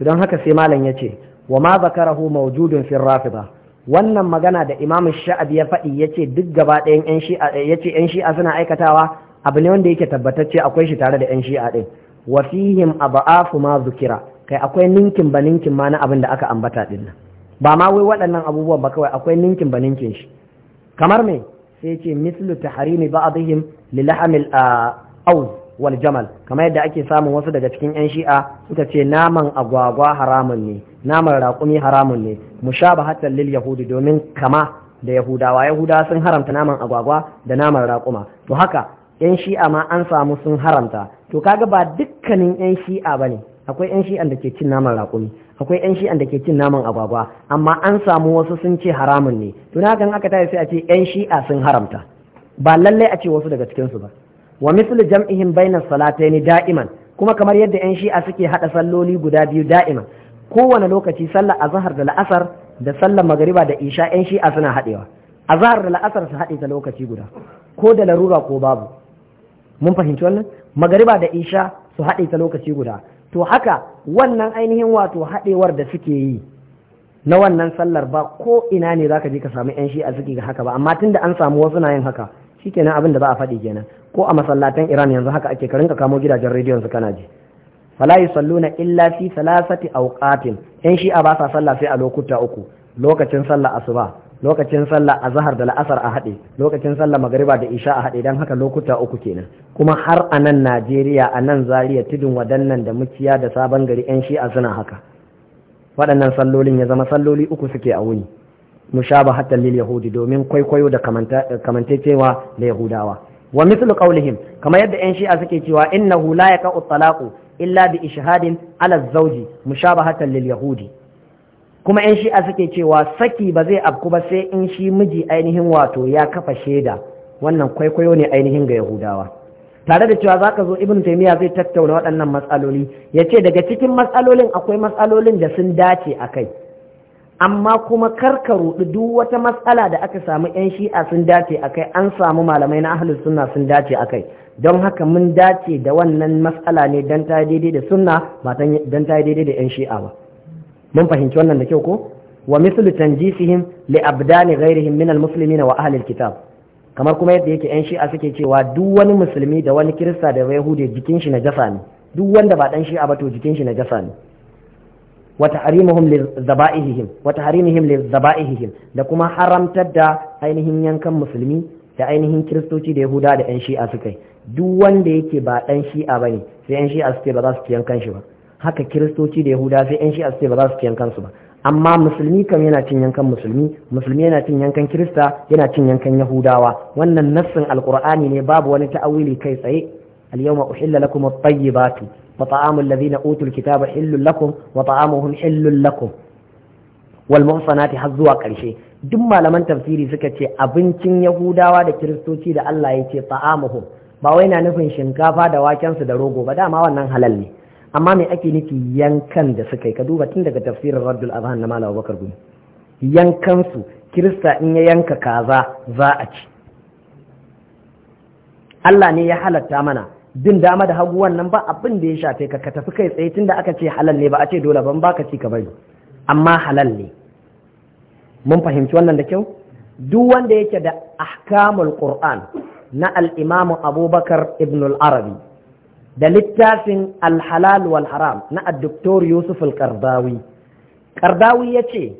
to don haka sai malam ya ce wa ma zakarahu mawjudun fi rafida wannan magana da imamu sha'abi ya faɗi ya ce duk gaba ɗayan shi'a eh, ya ce yan shi'a suna aikatawa abu ne wanda yake tabbatacce akwai shi tare da yan shi'a ɗin wa fihim aba'afu ma zukira kai akwai ninkin ba ninkin ma na abin da aka ambata ɗin nan ba ma wai waɗannan abubuwan ba kawai akwai ninkin ba ninkin shi kamar me sai ce mislu tahrimi ba'dihim li lahamil ah, wal jamal kamar yadda ake samun wasu daga cikin yan shi'a suka ce naman agwagwa haramun ne naman raƙumi haramun ne Mu mushabahatan lil yahudi domin kama da yahudawa Yahuda sun haramta naman agwagwa da naman raƙuma to haka yan shi'a ma an samu sun haramta to kaga ba dukkanin yan shi'a bane akwai yan shi'an da ke cin naman raƙumi akwai yan shi'an da ke cin naman agwagwa amma an samu wasu sun ce haramun ne to na aka tafi sai a ce yan shi'a sun haramta ba lallai a ce wasu daga cikin su ba wa mislu jam'ihim bayna salataini da'iman kuma kamar yadda yan shi'a suke hada salloli guda biyu da'iman kowane lokaci sallar azhar da la'asar da sallar magariba da isha yan shi'a suna hadewa azhar da la'asar su hade ta lokaci guda ko da larura ko babu mun fahimci wannan magariba da isha su hade ta lokaci guda to haka wannan ainihin wato hadewar da suke yi na wannan sallar ba ko ina ne zaka je ka samu yan shi'a suke haka ba amma tunda an samu wasu na yin haka shikenan abin da ba a faɗi kenan ko a masallatan Iran yanzu haka ake ka rinka kamo gidajen rediyon su kana ji fala yusalluna illa fi thalathati awqatin yan shi'a ba sa sallah sai a lokuta uku lokacin sallah asuba lokacin sallah azhar da la'asar a haɗe lokacin sallah magariba da isha a haɗe dan haka lokuta uku kenan kuma har a nan Najeriya a nan Zaria tudun wadannan da muciya da sabon gari yan shi'a suna haka waɗannan sallolin ya zama salloli uku suke a wuni mushabahatan lil yahudi domin kwaikwayo da kamantacewa da yahudawa wa mithlu qawlihim kamar yadda yan shi'a suke cewa innahu la yaqa'u talaqu illa bi ishhadin ala zawji mushabahatan lil yahudi kuma yan shi'a suke cewa saki ba zai afku ba sai in shi miji ainihin wato ya kafa shaida wannan kwaikwayo ne ainihin ga yahudawa tare da cewa zaka zo ibn taymiya zai tattauna waɗannan matsaloli yace daga cikin matsalolin akwai matsalolin da sun dace akai amma kuma karka rudu duk wata matsala da aka samu yan shi'a sun dace akai an samu malamai na ahlus sunna sun dace akai don haka mun dace da wannan matsala ne dan ta daidai da sunna ba dan ta daidai da yan shi'a ba mun fahimci wannan da kyau ko wa mislu tanjisihim li abdani ghairihim min almuslimin wa ahli alkitab kamar kuma yadda yake yan shi'a suke cewa duk wani musulmi da wani kirista da yahudi jikin shi na jasa ne duk wanda ba dan shi'a ba to jikin shi na jasa ne wa tahrimuhum lizaba'ihim wa tahrimihim lizaba'ihim da kuma haramtar da ainihin yankan musulmi da ainihin kiristoci da yahuda da yan shi'a suka yi duk wanda yake ba dan shi'a bane sai yan shi'a suke ba za su yankan shi ba haka kiristoci da yahuda sai yan shi'a suke ba za su yankan su ba amma musulmi kam yana cin yankan musulmi musulmi yana cin yankan kirista yana cin yankan yahudawa wannan nassin alqur'ani ne babu wani ta'awili kai tsaye al-yawma uhilla lakum at-tayyibatu wa ta'amul ladina utul kitaba hillul lakum wa ta'amuhum hillul lakum wal muhsanati har zuwa karshe duk malaman tafsiri suka ce abincin yahudawa da kiristoci da Allah ya ce ta'amuhum ba wai na nufin shinkafa da waken su da rogo ba dama wannan halal ne amma me ake nufi yankan da suka ka duba tun daga tafsirin Raddul Adhan na Malam Abubakar Gumi yankan kirista in ya yanka kaza za'a ci Allah ne ya halatta mana bin dama da hagu wannan ba abin da ya shafe ka ka tafi kai tsaye tun da aka ce halal ne ba a ce dole ban ba ka ci ka bari amma halal ne mun fahimci wannan da kyau duk wanda yake da ahkamul qur'an na al-imam abubakar ibn al-arabi da littafin al-halal wal haram na ad-doktor yusuf al-qardawi qardawi yace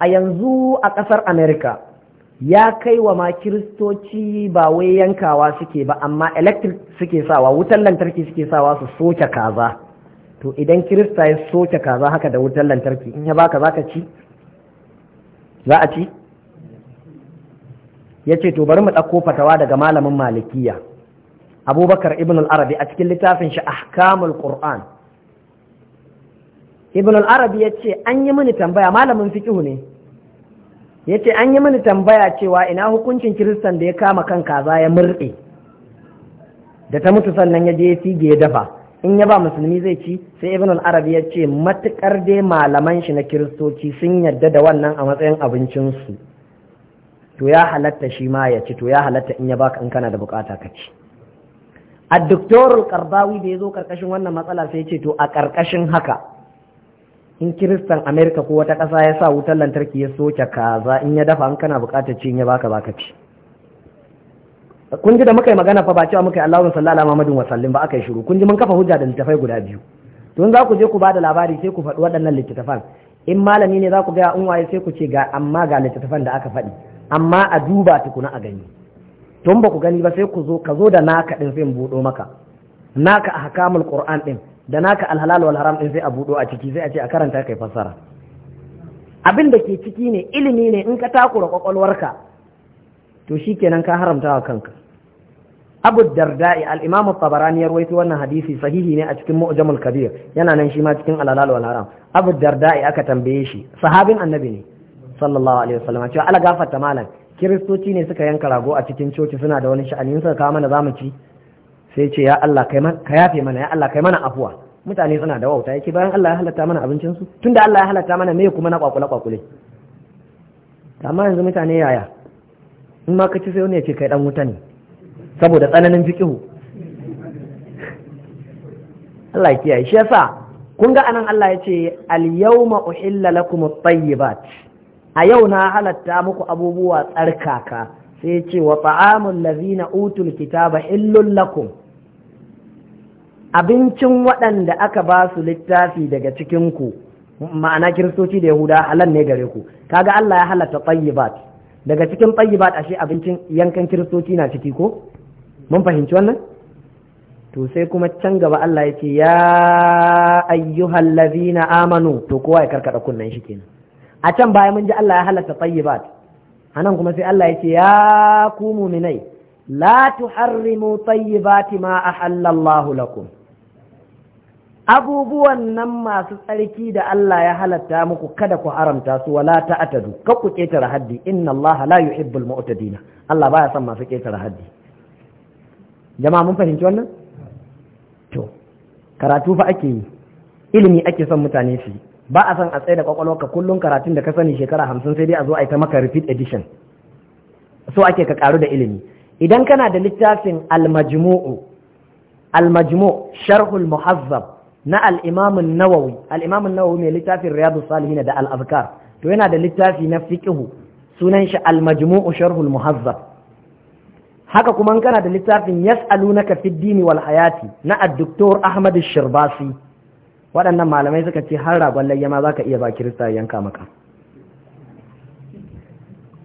a yanzu a kasar america ya kai wa ma kiristoci ba wai yankawa suke ba amma electric suke sawa wutar lantarki suke sawa su soke kaza to idan kirista ya soke kaza haka da wutar lantarki in ya baka za ci za a ci ya ce to bari mu ɗauko fatawa daga malamin malikiya abubakar ibn al-arabi a cikin littafin shi ahkamul qur'an ibn al-arabi ya ce an yi mini tambaya malamin fiqh ne ya ce an yi mini tambaya cewa ina hukuncin kiristan da ya kama kan kaza ya murɗe da ta mutu sannan ya je fige ya dafa in ya ba musulmi zai ci sai ibn al ya ce matukar dai malaman shi na kiristoci sun yarda da wannan a matsayin abincinsu to ya halatta shi ma ya ci to ya halatta in ya baka in kana da bukata ka ci a doktorul karbawi da ya zo karkashin wannan matsala sai ce to a karkashin haka in kiristan amerika ko wata ƙasa ya sa wutar lantarki ya soke kaza in ya dafa an kana buƙatar ci in ya baka baka ci kun ji da muka yi magana fa ba cewa muka yi Allahu sallallahu alaihi wasallin ba aka yi shiru kun ji mun kafa hujja da littafai guda biyu to za ku je ku ba da labari sai ku faɗi waɗannan littattafan in malami ne za ku gaya in sai ku ce ga amma ga littattafan da aka faɗi amma a duba tukuna a gani tun ba ku gani ba sai ku zo ka zo da naka ɗin sai in buɗo maka naka a hakamul qur'an ɗin da naka alhalal wal haram din sai a budo a ciki zai a ce a karanta kai fassara abin da ke ciki ne ilimi ne in ka takura kwakwalwarka to shikenan ka haramta wa kanka abu darda'i al at tabarani ya wannan hadisi sahihi ne a cikin mu'jamul kabir yana nan shi ma cikin alhalal wal haram abu darda'i aka tambaye shi sahabin annabi ne sallallahu alaihi wasallam cewa ala gafarta malam kiristoci ne suka yanka rago a cikin coci suna da wani sha'ani ka kawo mana zamu ci sai ce ya Allah kai ka yafe mana ya Allah kai mana afuwa mutane suna da wauta yake bayan Allah ya halatta mana abincin su tunda Allah ya halatta mana me kuma na kwakule kwakule amma yanzu mutane yaya in ma ka ci sai wani ya ce kai dan wuta ne saboda tsananin fiqihu Allah ya kiyaye shi yasa kun ga anan Allah ya ce al-yawma uhilla lakum at-tayyibat a yau na halatta muku abubuwa tsarkaka sai ya ce wa ta'amul ladzina utul kitaba illul lakum abincin waɗanda aka ba su littafi daga cikinku, ma'ana kiristoci da yahuda halal ne gare ku kaga Allah ya halatta tayyibat daga cikin tayyibat ashe abincin yankan kiristoci na ciki ko mun fahimci wannan to sai kuma can gaba Allah ya ce ya ayyuhal ladina amanu to kowa ya karkada kunnan shi kenan a can baya mun ji Allah ya halatta tayyibat anan kuma sai Allah ya ce ya ku mu'minai la tuharrimu tayyibati ma ahallallahu lakum abubuwan nan masu tsarki da Allah ya halatta muku kada ku haramta su wala ta'tadu ka ku ketare haddi inna Allah la yuhibbul mu'tadina Allah baya son masu ketare haddi jama'a mun fahimci wannan to karatu fa ake yi ilimi ake son mutane su ba a san a tsaye da kwakwalwarka kullum karatun da ka sani shekara hamsin sai dai a zo a yi ta maka repeat edition so ake ka karu da ilimi idan kana da littafin al-majmu'u al-majmu' sharhul muhazzab na al nawawi al nawawi mai littafin riyadu salihin da al-azkar to yana da littafi na Fiƙihu, sunan shi al-majmu'u sharhul muhazzab haka kuma kana da littafin Yas'alu na dini wal hayati na ad ahmad shirbasi waɗannan malamai suka ce har ragon layya ma zaka iya ba kirista yanka maka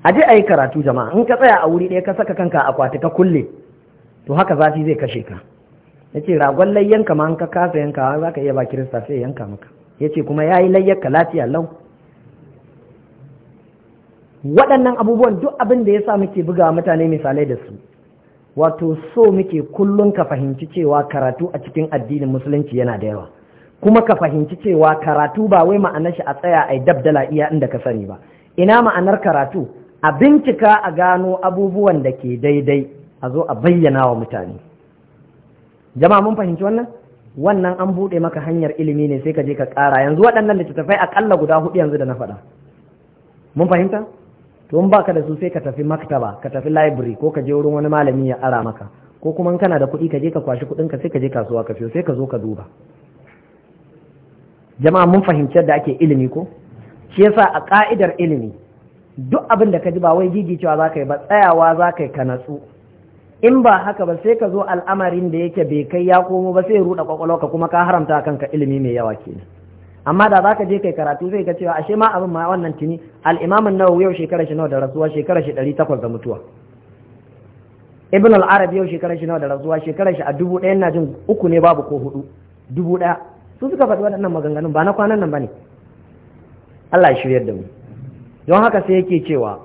a je a yi karatu jama'a in ka tsaya a wuri ɗaya ka saka kanka a akwati ka kulle to haka zafi zai kashe ka ya ce ragon layyanka ma an ka kasa yanka za ka iya ba kirista sai yanka maka ya ce kuma ya yi layyanka lafiya lau waɗannan abubuwan duk abin da ya sa muke buga mutane misalai da su wato so muke kullum ka fahimci cewa karatu a cikin addinin musulunci yana da yawa kuma ka fahimci cewa karatu ba wai ma'anar shi a tsaya a dala iya inda ka sani ba ina ma'anar karatu a bincika a gano abubuwan da ke daidai a zo a bayyana wa mutane jama'a mun fahimci wannan wannan an buɗe maka hanyar ilimi ne sai ka je ka ƙara yanzu waɗannan littattafai ƙalla guda hudu yanzu da na faɗa mun fahimta to in baka da su sai ka tafi maktaba ka tafi library ko ka je wurin wani malami ya ara maka ko kuma in kana da kuɗi ka je ka kwashi kuɗin ka sai ka je kasuwa ka fiyo sai ka zo ka duba jama'a mun fahimci yadda ake ilimi ko shi yasa a ka'idar ilimi duk abin da ka ji ba wai gigicewa za ka yi ba tsayawa za ka yi ka natsu in ba haka ba sai ka zo al'amarin da yake bai kai ya komo ba sai ruɗa ka kuma ka haramta kanka ilimi mai yawa ke. amma da za ka je kai karatu zai ka cewa ashe ma abin ma wannan tuni al'imamin nawa yau shekara shi nawa da rasuwa shekara shi ɗari takwas da mutuwa Ibn al yau shekara shi nawa da rasuwa shekara shi a dubu ɗaya na jin uku ne babu ko hudu dubu ɗaya su suka faɗi waɗannan maganganun ba na kwanan nan ba ne. Allah ya shiryar da mu don haka sai yake cewa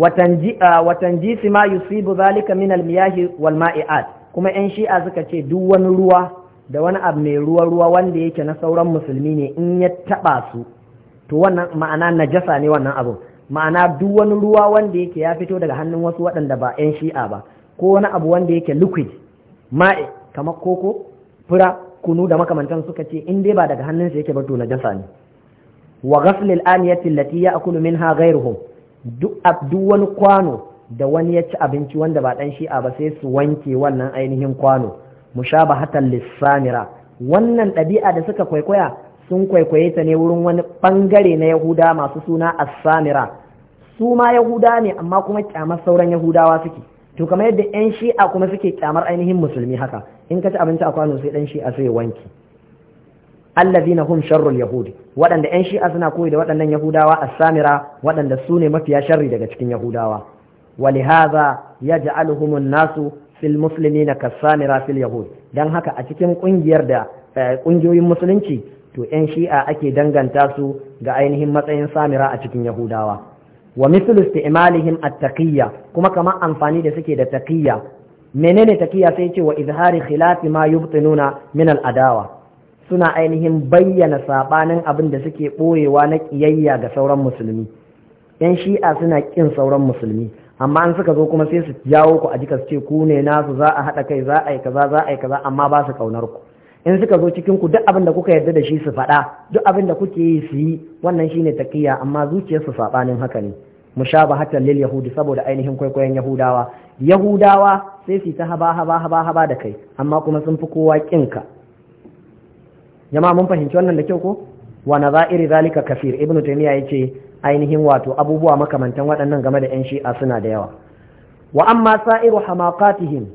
watan jisi ah, ma yusibu zalika min almiyahi wal ma'i'at kuma yan shi'a suka ce duk wani ruwa da wani abu mai ruwa ruwa wanda yake na sauran musulmi ne in ya taba su to wannan ma'ana najasa ne wannan abu ma'ana duk wani ruwa wanda yake ya fito daga hannun wasu waɗanda ba yan shi'a ba ko wani abu wanda yake liquid ma'i kamar koko fura kunu da makamantan suka ce in dai ba daga hannunsa yake ba to najasa ne wa ghasl al-aniyati allati ya'kulu minha ghayruhum duk wani kwano da wani ya ci abinci wanda ba ɗan shi'a ba sai su wanke wannan ainihin kwano hatan lissamira wannan ɗabi'a da suka kwaikwaya sun kwaikwaye ta ne wurin wani ɓangare na yahuda masu suna assamira su ma yahuda ne amma kuma kyamar sauran yahudawa suke to kamar yadda 'yan shi'a kuma suke kyamar ainihin musulmi haka in ka ci abinci a kwano sai ɗan shi'a sai ya wanke na hum sharrul yahudi waɗanda yan shi'a suna koyi da waɗannan yahudawa a samira waɗanda su ne mafiya sharri daga cikin yahudawa walihaza yaj'aluhum an-nasu fil na kas-samira fil yahud dan haka a cikin kungiyar da ƙungiyoyin eh, musulunci to yan shi'a ake danganta su ga ainihin matsayin samira a cikin yahudawa wa mithlu isti'malihim at-taqiyya kuma kamar amfani da suke da taqiyya menene taqiyya sai ce wa izhari khilafi ma yubtinuna min al-adawa suna ainihin bayyana saɓanin abin da suke ɓoyewa na ƙiyayya ga sauran musulmi yan shi'a suna ƙin sauran musulmi amma an suka zo kuma sai su jawo ku a jika su ce ku ne nasu za a haɗa kai za a yi kaza za a yi kaza amma ba su ƙaunar ku in suka zo cikin ku duk abin da kuka yarda da shi su faɗa duk abin da kuke yi su yi wannan shine taqiya amma zuciyar su saɓanin haka ne Mu mushabahatan lil yahudi saboda ainihin kwaikwayon yahudawa yahudawa sai su ta haba haba haba haba da kai amma kuma sun fi kowa kinka jama'a mun fahimci wannan da kyau ko wa nazairi zalika kafir ibnu ya ce ainihin wato abubuwa makamantan waɗannan game da yan shi'a suna da yawa wa amma sa'iru hamaqatihim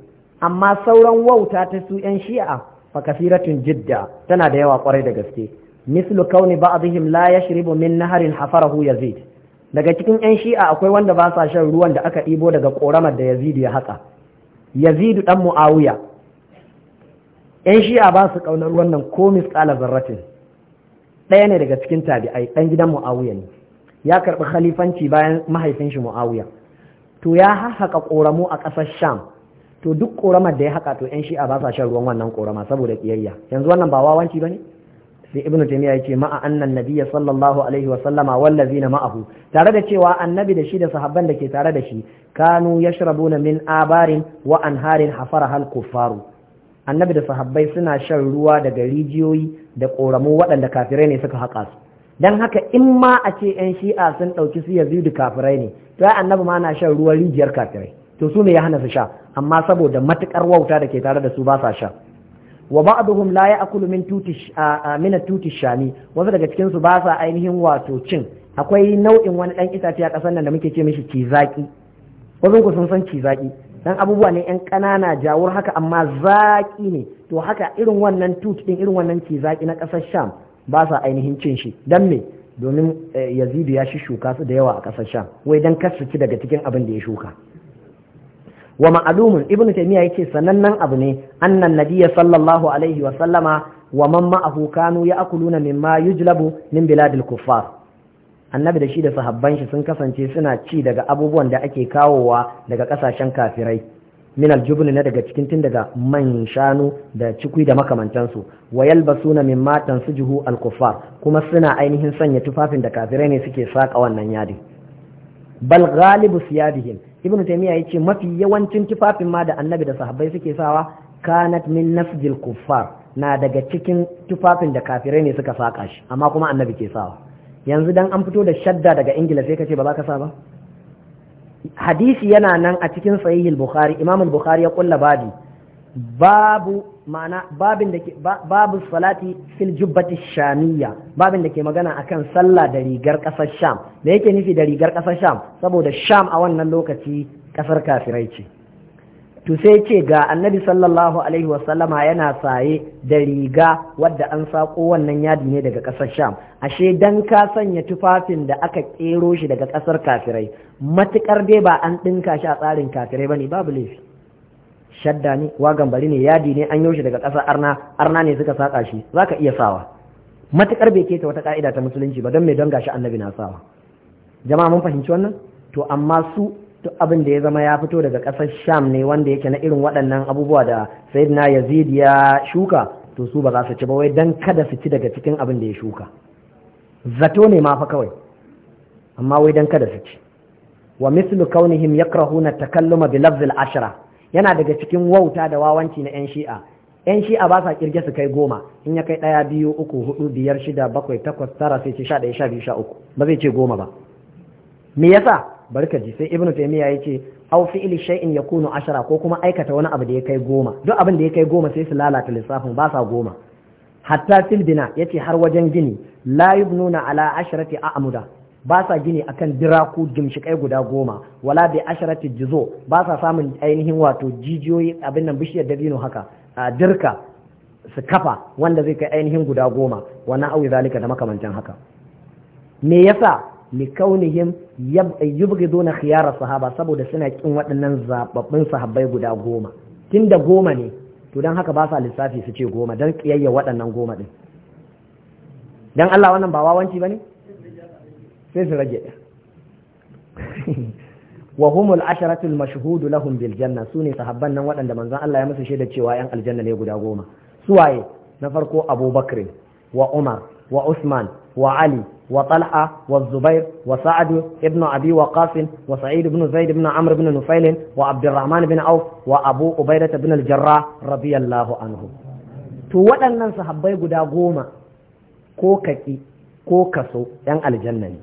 amma sauran wauta ta su yan shi'a fa kafiratun jidda tana da yawa kwarai da gaske mislu kauni ba'dihim la yashribu min naharin hafarahu yazid daga cikin yan shi'a akwai wanda ba sa shan ruwan da aka ɗibo daga ƙoramar da yazid ya haka yazid dan muawiya yan shi'a ba su kaunar wannan ko ƙala zarratin ɗaya ne daga cikin tabi'ai ɗan gidan mu'awiya ne ya karɓi khalifanci bayan mahaifin shi mu'awiya to ya haka ƙoramu a ƙasar sham to duk ƙoramar da ya haka to yan shi'a ba sa shan ruwan wannan ƙorama saboda ƙiyayya yanzu wannan ba wawanci ba ne sai ibn taymiya ce, ma'a annan nabiyya sallallahu alaihi wa sallama wallazina ma'ahu tare da cewa annabi da shi da sahabban da ke tare da shi kanu yashrabuna min abarin wa anharin hafara hal kuffaru annabi da sahabbai suna shan ruwa daga rijiyoyi da ƙoramu waɗanda kafirai ne suka haƙa su don haka in ma a ce 'yan shi'a sun ɗauki su yazidu kafirai ne to ya annabi ma na shan ruwan rijiyar kafirai to su ne ya hana su sha amma saboda matuƙar wauta da ke tare da su ba sa sha wa ba'dhum la ya'kulu min tutish min tutish shami wasu daga cikin su ba sa ainihin wato cin akwai nau'in wani dan itace a ƙasar nan da muke ce mishi cizaki wasu ku sun san cizaki dan abubuwa ne yan kanana jawur haka amma zaƙi ne to haka irin wannan tut din irin wannan ke zaki na kasar sham ba sa ainihin cin shi dan me domin eh, yazidu ya shi shuka su da yawa a kasar sham wai dan kar su ci daga cikin abin da ya shuka wa ma'alumun ibnu taymiya ce sanannen abu ne annan nabiyya sallallahu alaihi wa sallama wa man ma'ahu kanu ya'kuluna mimma yujlabu min biladil kuffar annabi da shi da sahabban shi sun kasance suna ci daga abubuwan da ake kawowa daga kasashen kafirai min aljubni na daga cikin tun daga man shanu da cikui da makamantansu wa yalbasuna min matan sujuhu alkuffar kuma suna ainihin sanya tufafin da kafirai ne suke saka wannan yadi bal ghalibu siyadihim ibnu taymiya yace mafi yawancin tufafin ma da annabi da sahabbai suke sawa kanat min nasjil kuffar na daga cikin tufafin da kafirai ne suka saka shi amma kuma annabi ke sawa yanzu dan an fito da shadda daga ingila sai kace ba za ka sa ba hadisi yana nan a cikin al bukhari imam bukhari ya kulla badi. babu ma'ana babin da ke babu salati fil jubbati shamiyya babin da ke magana akan sallah da rigar kasar sham me yake nufi da rigar kasar sham saboda sham a wannan lokaci kasar kafirai ce to sai ce ga annabi sallallahu alaihi wasallama yana saye da riga wadda an sako wannan yadi ne daga ƙasar sham ashe dan ka sanya tufafin da aka kero shi daga ƙasar kafirai matukar dai ba an ɗinka shi a tsarin kafirai bane babu laifi shadda ne wagan bari ne yadi ne an yo shi daga ƙasar arna arna ne suka saka shi zaka iya sawa matukar bai keta wata ƙa'ida ta musulunci ba don me don gashi annabi na sawa jama'a mun fahimci wannan to amma su duk abin da ya zama ya fito daga ƙasar sham ne wanda yake na irin waɗannan abubuwa da sayyidina yazid ya shuka to su ba za su ci ba wai don kada su ci daga cikin abin da ya shuka zato ne ma fa kawai amma wai don kada su ci wa mislu kaunihim na takalluma bi lafzil ashra yana daga cikin wauta da wawanci na yan shi'a yan shi'a ba sa kirge su kai goma in ya kai ɗaya biyu uku hudu biyar shida bakwai takwas tara sai ce sha ɗaya sha biyu sha uku ba zai ce goma ba me yasa barkaji sai ibnu taymiya yace aw fi'li shay'in yakunu ashara ko kuma aikata wani abu da ya kai goma duk abin da ya kai goma sai su lalata lissafin ba sa goma hatta fil bina yace har wajen gini la yubnuna ala ashrati a'muda ba sa gini akan diraku gimshikai guda goma wala bi ashrati jizo ba sa samun ainihin wato jijiyoyi abin nan bishiyar dabino haka dirka su kafa wanda zai kai ainihin guda goma wani auyi zalika da makamantan haka me yasa li kaunihim yubghiduna khiyara sahaba saboda suna kin waɗannan zababbin sahabbai guda goma da goma ne to dan haka ba sa lissafi su ce goma dan kiyayya waɗannan goma din dan Allah wannan ba wawanci bane sai su rage wa humul asharatul mashhudu lahum bil janna sune sahabban nan waɗanda manzon Allah ya musu shaida cewa yan aljanna ne guda goma suwaye na farko Abu Bakr wa Umar wa Usman wa Ali وطلحة والزبير وسعد ابن أبي وقاص وسعيد بن زيد بن عمرو بن نفيل وعبد الرحمن بن عوف وأبو عبيدة بن الجراح رضي الله عنه to waɗannan sahabbai guda goma ko kaki ko kaso ‘yan aljanna ne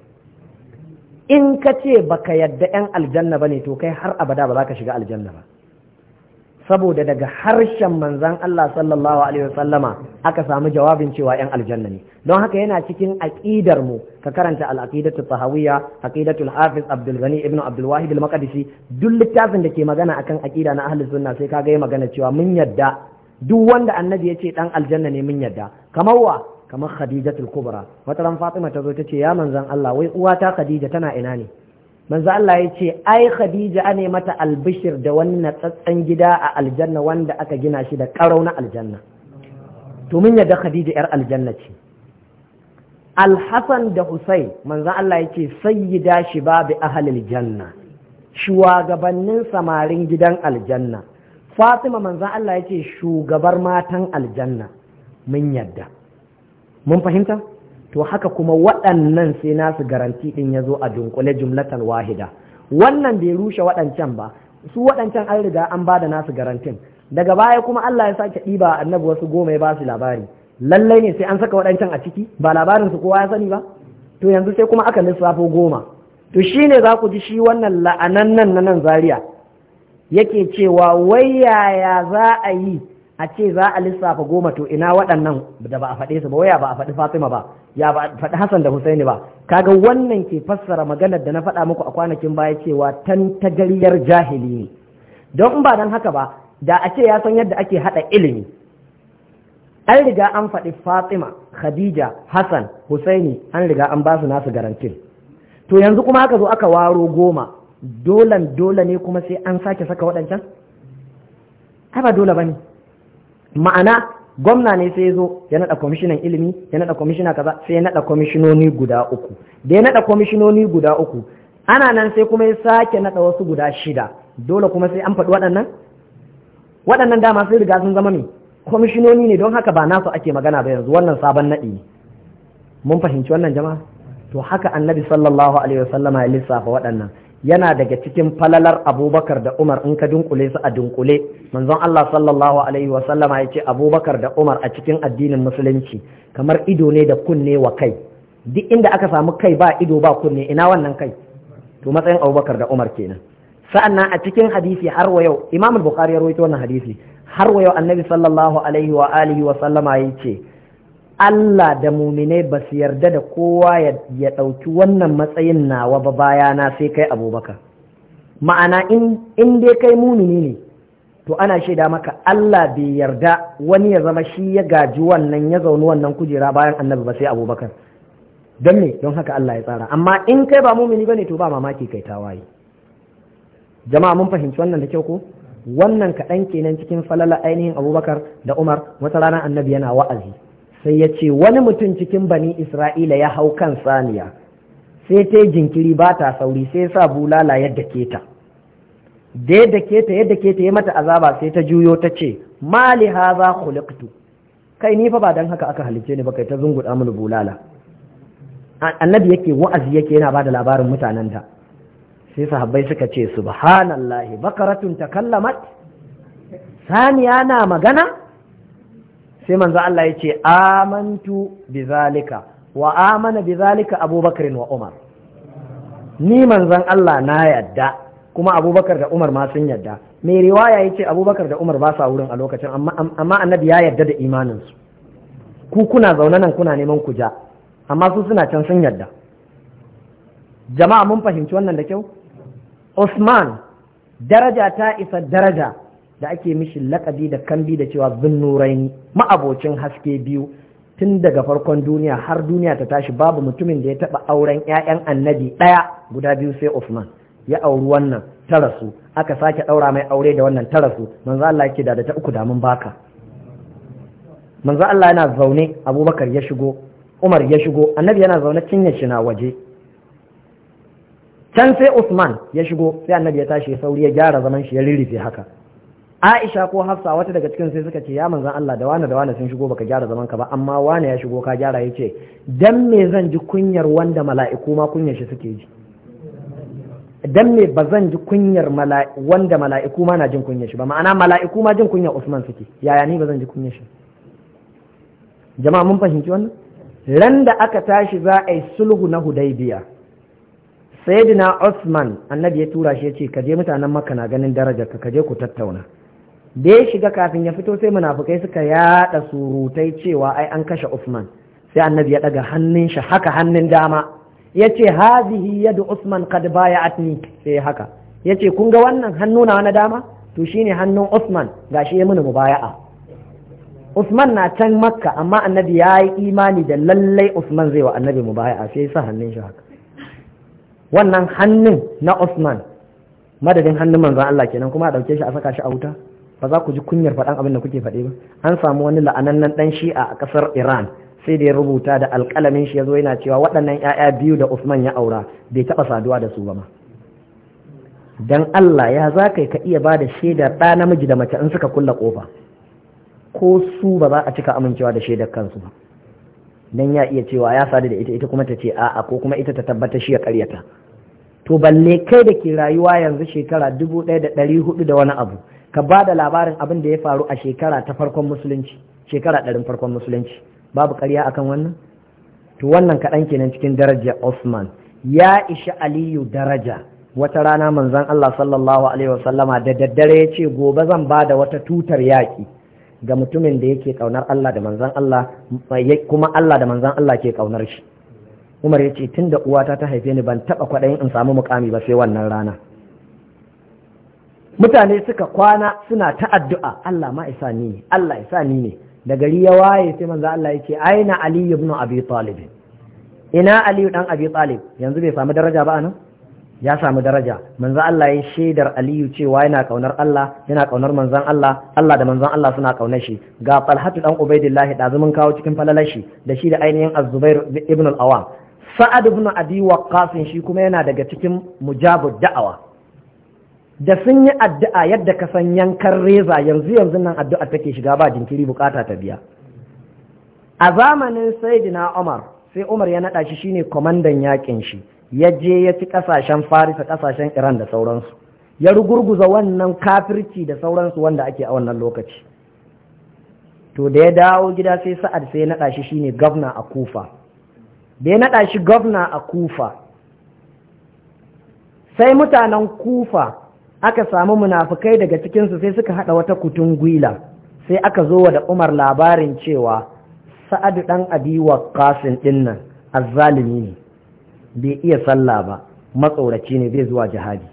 in ka ce baka yadda ‘yan aljanna ba ne to kai har abada bazaka shiga aljanna ba saboda daga harshen manzan Allah sallallahu alaihi wasallama aka samu jawabin cewa yan aljanna ne don haka yana cikin aƙidar mu ka karanta al’aƙidatul aqidatu tahawiyya hafiz abdul ghani ibn abdul wahid al duk littafin da ke magana akan aƙida na ahli sunna sai kaga yi magana cewa mun yadda duk wanda annabi ya ce dan aljanna ne mun yadda kamar wa kamar khadijatul kubra wata ran fatima ta zo ta ce ya manzan Allah wai uwata khadija tana ina ne manzo Allah ya ce ai khadija ne mata albishir da wani tsatsan gida a aljanna wanda aka gina shi da ƙarauna aljanna to mun yadda khadija yar aljanna ce alhassan da Husayn manzo Allah ya ce sayyida babu ahlil janna shugabannin samarin gidan aljanna fatima manzo Allah ya ce shugabar matan aljanna mun yadda mun fahimta to haka kuma waɗannan sai nasu garanti ɗin ya zo a dunkule jumlatar wahida wannan bai rushe waɗancan ba su waɗancan an riga an ba da nasu garantin daga baya kuma Allah ya sake ɗiba annabi wasu goma ya ba su labari lallai ne sai an saka waɗancan a ciki ba labarin su kowa ya sani ba to yanzu sai kuma aka lissafo goma to shine za ku ji shi wannan la'anan nan na nan zaria yake cewa wai yaya za a yi a ce za a lissafa goma to ina waɗannan da ba a faɗe su ba waya ba a faɗi Fatima ba ya ba faɗi Hassan da Husaini ba kaga wannan ke fassara maganar da na faɗa muku a kwanakin baya cewa tantagariyar jahili ne don in ba dan haka ba da a ce ya san yadda ake haɗa ilimi an riga an faɗi Fatima Khadija Hassan Husaini an riga an ba su nasu garantin to yanzu kuma aka zo aka waro goma dolan dole ne kuma sai an sake saka waɗancan ai ba dole bane ma'ana gwamna ne sai ya zo ya naɗa kwamishinan ilimi ya naɗa kwamishina kaza sai ya naɗa kwamishinoni guda uku da ya naɗa kwamishinoni guda uku ana nan sai kuma ya sake naɗa wasu guda shida dole kuma sai an faɗi waɗannan waɗannan dama sai riga sun zama mai kwamishinoni ne don haka ba nasu ake magana ba yanzu wannan sabon naɗi ne mun fahimci wannan jama'a to haka annabi sallallahu alaihi wasallama ya lissafa waɗannan yana daga cikin falalar abubakar da umar in ka dunkule su a dunkule manzon Allah sallallahu alaihi ya ce abubakar da umar a cikin addinin musulunci kamar ido ne da kunne wa kai duk inda aka samu kai ba ido ba kunne ina wannan kai to matsayin abubakar da umar kenan sa'annan a cikin hadisi har wa yau imam bukhari ya rawaito wannan hadisi har wa yau annabi sallallahu alaihi wa alihi wa sallama ya ce Allah da muminai ba su yarda da kowa ya ɗauki wannan matsayin nawa ba bayana sai kai abubakar ma'ana in dai kai mumini ne to ana shaida maka Allah bai yarda wani ya zama shi ya gaji wannan ya zaune wannan kujera bayan annabi ba sai abubakar don me don haka Allah ya tsara amma in kai ba mumini ne, to ba mamaki kai tawaye jama'a mun fahimci wannan da kyau ko wannan kaɗan kenan cikin falala ainihin abubakar da umar wata rana annabi yana wa'azi sai ya ce wani mutum cikin bani isra'ila ya hau kan saniya sai ta yi jinkiri ba ta sauri sai sa bulala yadda ta. da yadda ta yadda ta ya mata azaba sai ta juyo ta ce mali haza khuliqtu kai ni fa ba don haka aka halice ni ba kai ta zungu mini bulala annabi yake wa'azi yake yana bada labarin mutanen ta sai sahabbai suka ce subhanallahi bakaratun takallamat saniya na magana sai manzo Allah ya ce amantu bi zalika wa amana bi zalika abubakar wa umar ni manzon Allah na yadda kuma abubakar da umar ma sun yadda mai riwaya ya ce abubakar da umar ba sa wurin a lokacin amma annabi ya yadda da imaninsu ku kuna zaune nan kuna neman ku ja amma su suna can sun yadda jama'a mun fahimci wannan da kyau usman daraja ta isa daraja da ake mishi lakabi da kambi da cewa zunnuraini ma'abocin haske biyu tun daga farkon duniya har duniya ta tashi babu mutumin da ya taba auren yayan annabi ɗaya guda biyu sai Usman, ya auri wannan ta rasu aka sake ɗaura mai aure da wannan ta rasu manzo Allah yake da ta uku da mun baka manzo Allah yana zaune Abubakar ya shigo Umar ya shigo annabi yana zaune cinye shi na waje can sai Usman ya shigo sai annabi ya tashi ya sauri ya gyara zaman shi ya rirrife haka Aisha ko Hafsa wata daga cikin sai suka ce ya manzan Allah da wani da wani sun shigo baka gyara zaman ka ba amma wani ya shigo ka gyara yace dan me zan ji kunyar wanda mala'iku ma kunyar shi suke ji dan me bazan ji kunyar wanda mala'iku ma na jin kunyar shi ba ma'ana mala'iku ma jin kunyar Usman suke yaya ni ba zan ji kunyar shi jama'a mun fahimci wannan ran da aka tashi za a yi sulhu na Hudaybiya sayyidina Usman annabi ya tura shi ya ce ka je mutanen Makka na ganin darajar ka je ku tattauna da ya shiga kafin ya fito sai munafukai suka yada surutai cewa ai an kashe Usman sai annabi ya daga hannun shi haka hannun dama yace hadhihi yadu Usman qad bay'atni sai haka yace kun ga wannan hannu na wani dama to shine hannun Usman gashi ya mini mubaya'a Usman na can Makka amma annabi ya yi imani da lallai Usman zai wa annabi mubaya'a sai sa hannun shi haka wannan hannun na Usman madadin hannun manzon Allah kenan kuma a dauke shi a saka shi a wuta ba za ku ji kunyar faɗan abin da kuke faɗe ba an samu wani la'anannen ɗan shi'a a ƙasar iran sai da ya rubuta da alƙalamin shi ya zo yana cewa waɗannan 'ya'ya biyu da usman ya aura bai taɓa saduwa da su ba ma dan allah ya za ka ka iya ba da shaidar ɗa namiji da mace in suka kulla ƙofa ko su ba za a cika amincewa da shaidar kansu ba dan ya iya cewa ya sadu da ita ita kuma ta ce a'a ko kuma ita ta tabbata shi ya karyata to balle kai da ke rayuwa yanzu shekara dubu ɗaya da ɗari hudu da wani abu ka ba da labarin abin da ya faru a shekara ta farkon musulunci shekara ɗarin farkon musulunci babu ƙarya akan wannan to wannan kaɗan kenan cikin daraja Osman ya ishi Aliyu daraja wata rana manzan Allah sallallahu alaihi wasallama da daddare ya ce gobe zan ba da wata tutar yaƙi ga mutumin da yake ƙaunar Allah da manzan Allah kuma Allah da manzan Allah ke ƙaunar shi Umar ya ce tun da uwata ta haife ni ban taɓa kwaɗayin in samu mukami ba sai wannan rana mutane suka kwana suna ta addu'a Allah ma isa ni ne Allah isa ni ne da gari ya waye sai manzo Allah yake aina Ali ibn Abi Talib ina Ali dan Abi Talib yanzu bai samu daraja ba anan ya samu daraja manzo Allah ya shaidar Aliyu cewa yana kaunar Allah yana kaunar manzon Allah Allah da manzon Allah suna kaunar shi ga Talhatu dan Ubaidillah da zumun kawo cikin falalar shi da shi da ainihin Az-Zubair ibn al awam Sa'ad ibn Abi Waqqas shi kuma yana daga cikin mujabud da'awa da sun yi addu'a yadda ka san yankan reza yanzu yanzu nan addu'a take shiga ba jinkiri bukata ta biya a zamanin saidina umar sai umar ya naɗa shi shine kwamandan yakin shi ya je ya ci ƙasashen farisa kasashen iran da sauransu ya rugurguza wannan kafirci da sauransu wanda ake a wannan lokaci to da ya dawo gida sai sa'ad sai ya naɗa shi shine gwamna a kufa da ya naɗa shi gwamna a kufa sai mutanen kufa aka samu munafukai daga cikinsu sai suka haɗa wata kutun gwila sai aka zo wa da umar labarin cewa sa'adu ɗan abi wa ɗin nan azzalimi ne bai iya sallah ba matsoraci ne zai zuwa jihadi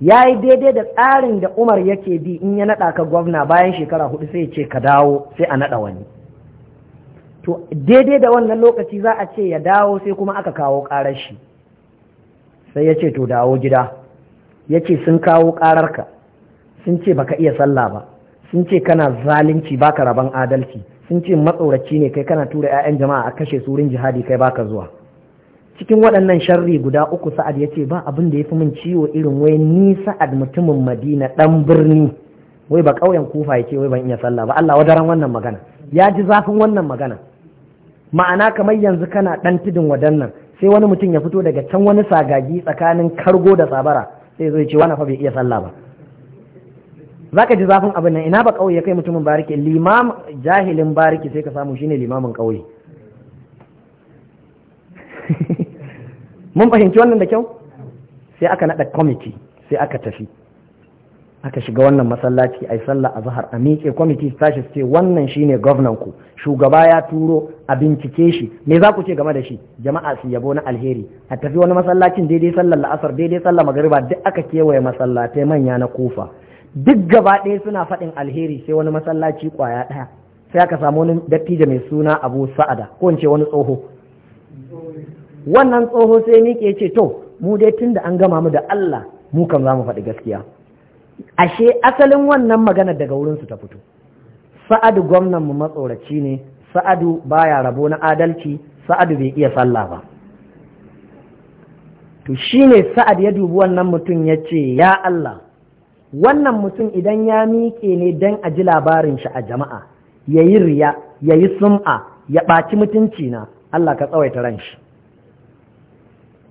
ya yi daidai da tsarin da umar yake bi in ya naɗa ka gwamna bayan shekara hudu sai ce ka dawo sai a naɗa wani to daidai da wannan lokaci za a ce ya dawo sai kuma aka kawo ƙarar shi sai ya ce to dawo gida ya ce sun kawo ƙararka sun ce baka iya sallah ba sun ce kana zalunci baka rabon adalci sun ce matsoraci ne kai kana tura 'ya'yan jama'a a kashe surin jihadi kai baka zuwa cikin waɗannan sharri guda uku sa'ad ya ce ba abin da ya fi min ciwo irin wai ni sa'ad mutumin madina ɗan birni wai ba ƙauyen kufa ya ce wai ban iya sallah ba Allah wadaran wannan magana ya ji zafin wannan magana ma'ana kamar yanzu kana ɗan tudun wadannan sai wani mutum ya fito daga can wani sagagi tsakanin kargo da tsabara sai zai ce wani fa bai iya sallah ba zaka ji zafin abin nan ina ba kauye kai mutumin bariki limam jahilin bariki sai ka samu shine limamin ƙauye mun fahimci wannan da kyau sai aka naɗa kwamiti sai aka tafi aka shiga wannan masallaci ai sallah a zahar a miƙe kwamiti su tashi ce wannan shi ne ku shugaba ya turo a bincike shi me za ku ce game da shi jama'a su yabo na alheri a tafi wani masallacin daidai sallar la'asar daidai sallar magariba duk aka kewaye masallatai manya na kofa duk gaba ɗaya suna faɗin alheri sai wani masallaci ƙwaya ɗaya sai aka samu wani dattijo mai suna abu sa'ada ko in ce wani tsoho wannan tsoho sai miƙe ce to mu dai tun da an gama mu da Allah mu kan za mu faɗi gaskiya ashe asalin wannan magana daga wurinsu ta fito sa'adu gwamnanmu matsoraci ne sa'adu baya rabo na adalci sa'adu bai iya sallah ba to ne sa'ad ya dubi wannan mutum ya ce ya Allah wannan mutum idan ya miƙe ne don a ji labarin shi a jama'a ya yi riya ya yi sum'a ya ɓaci mutunci na Allah ka tsawaita ran shi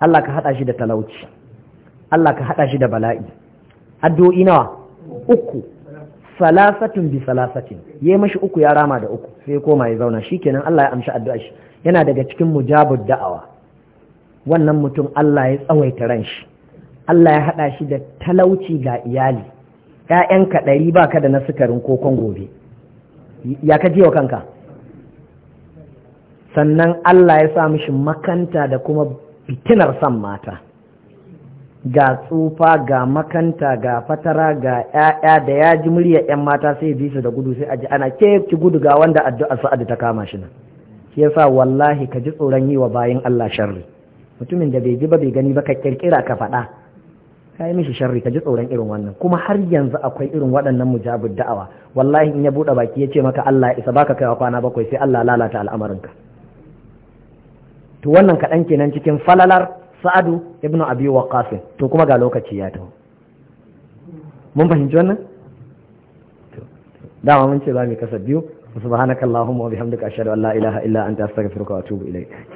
Allah ka haɗa shi da talauci Allah ka haɗa shi da bala'i addu'o'i nawa uku salasatin bi salasatin yayi mashi uku ya rama da uku sai koma ya zauna shikenan Allah ya amshi addu'a shi yana daga cikin mujabud da'awa wannan mutum Allah ya tsawaita ran shi Allah ya haɗa shi da talauci ga iyali ka ɗari ba ka da na sukarin kokon gobe ya ka wa kanka sannan Allah ya sa mishi makanta da kuma fitinar san mata ga tsufa ga makanta ga fatara ga ƴaƴa da ya ji murya ƴan mata sai bi su da gudu sai a ji ana ke ki gudu ga wanda addu'a sa'adu ta kama shi nan shi yasa wallahi ka ji tsoron yi wa bayin Allah sharri mutumin da bai ji ba bai gani ba ka kirkira ka faɗa ka yi mishi sharri ka ji tsoron irin wannan kuma har yanzu akwai irin waɗannan mujabud da'awa wallahi in ya buɗe baki ya ce maka Allah ya isa baka kaiwa kwana bakwai sai Allah lalata al'amarinka to wannan kaɗan kenan cikin falalar sa'adu ibn abi waqas to kuma ga lokaci ya taho mun fahimci wannan dama mun ce ba mai kasa biyu subhanakallahumma wa bihamdika ashhadu an la ilaha illa anta astaghfiruka wa atubu ilayk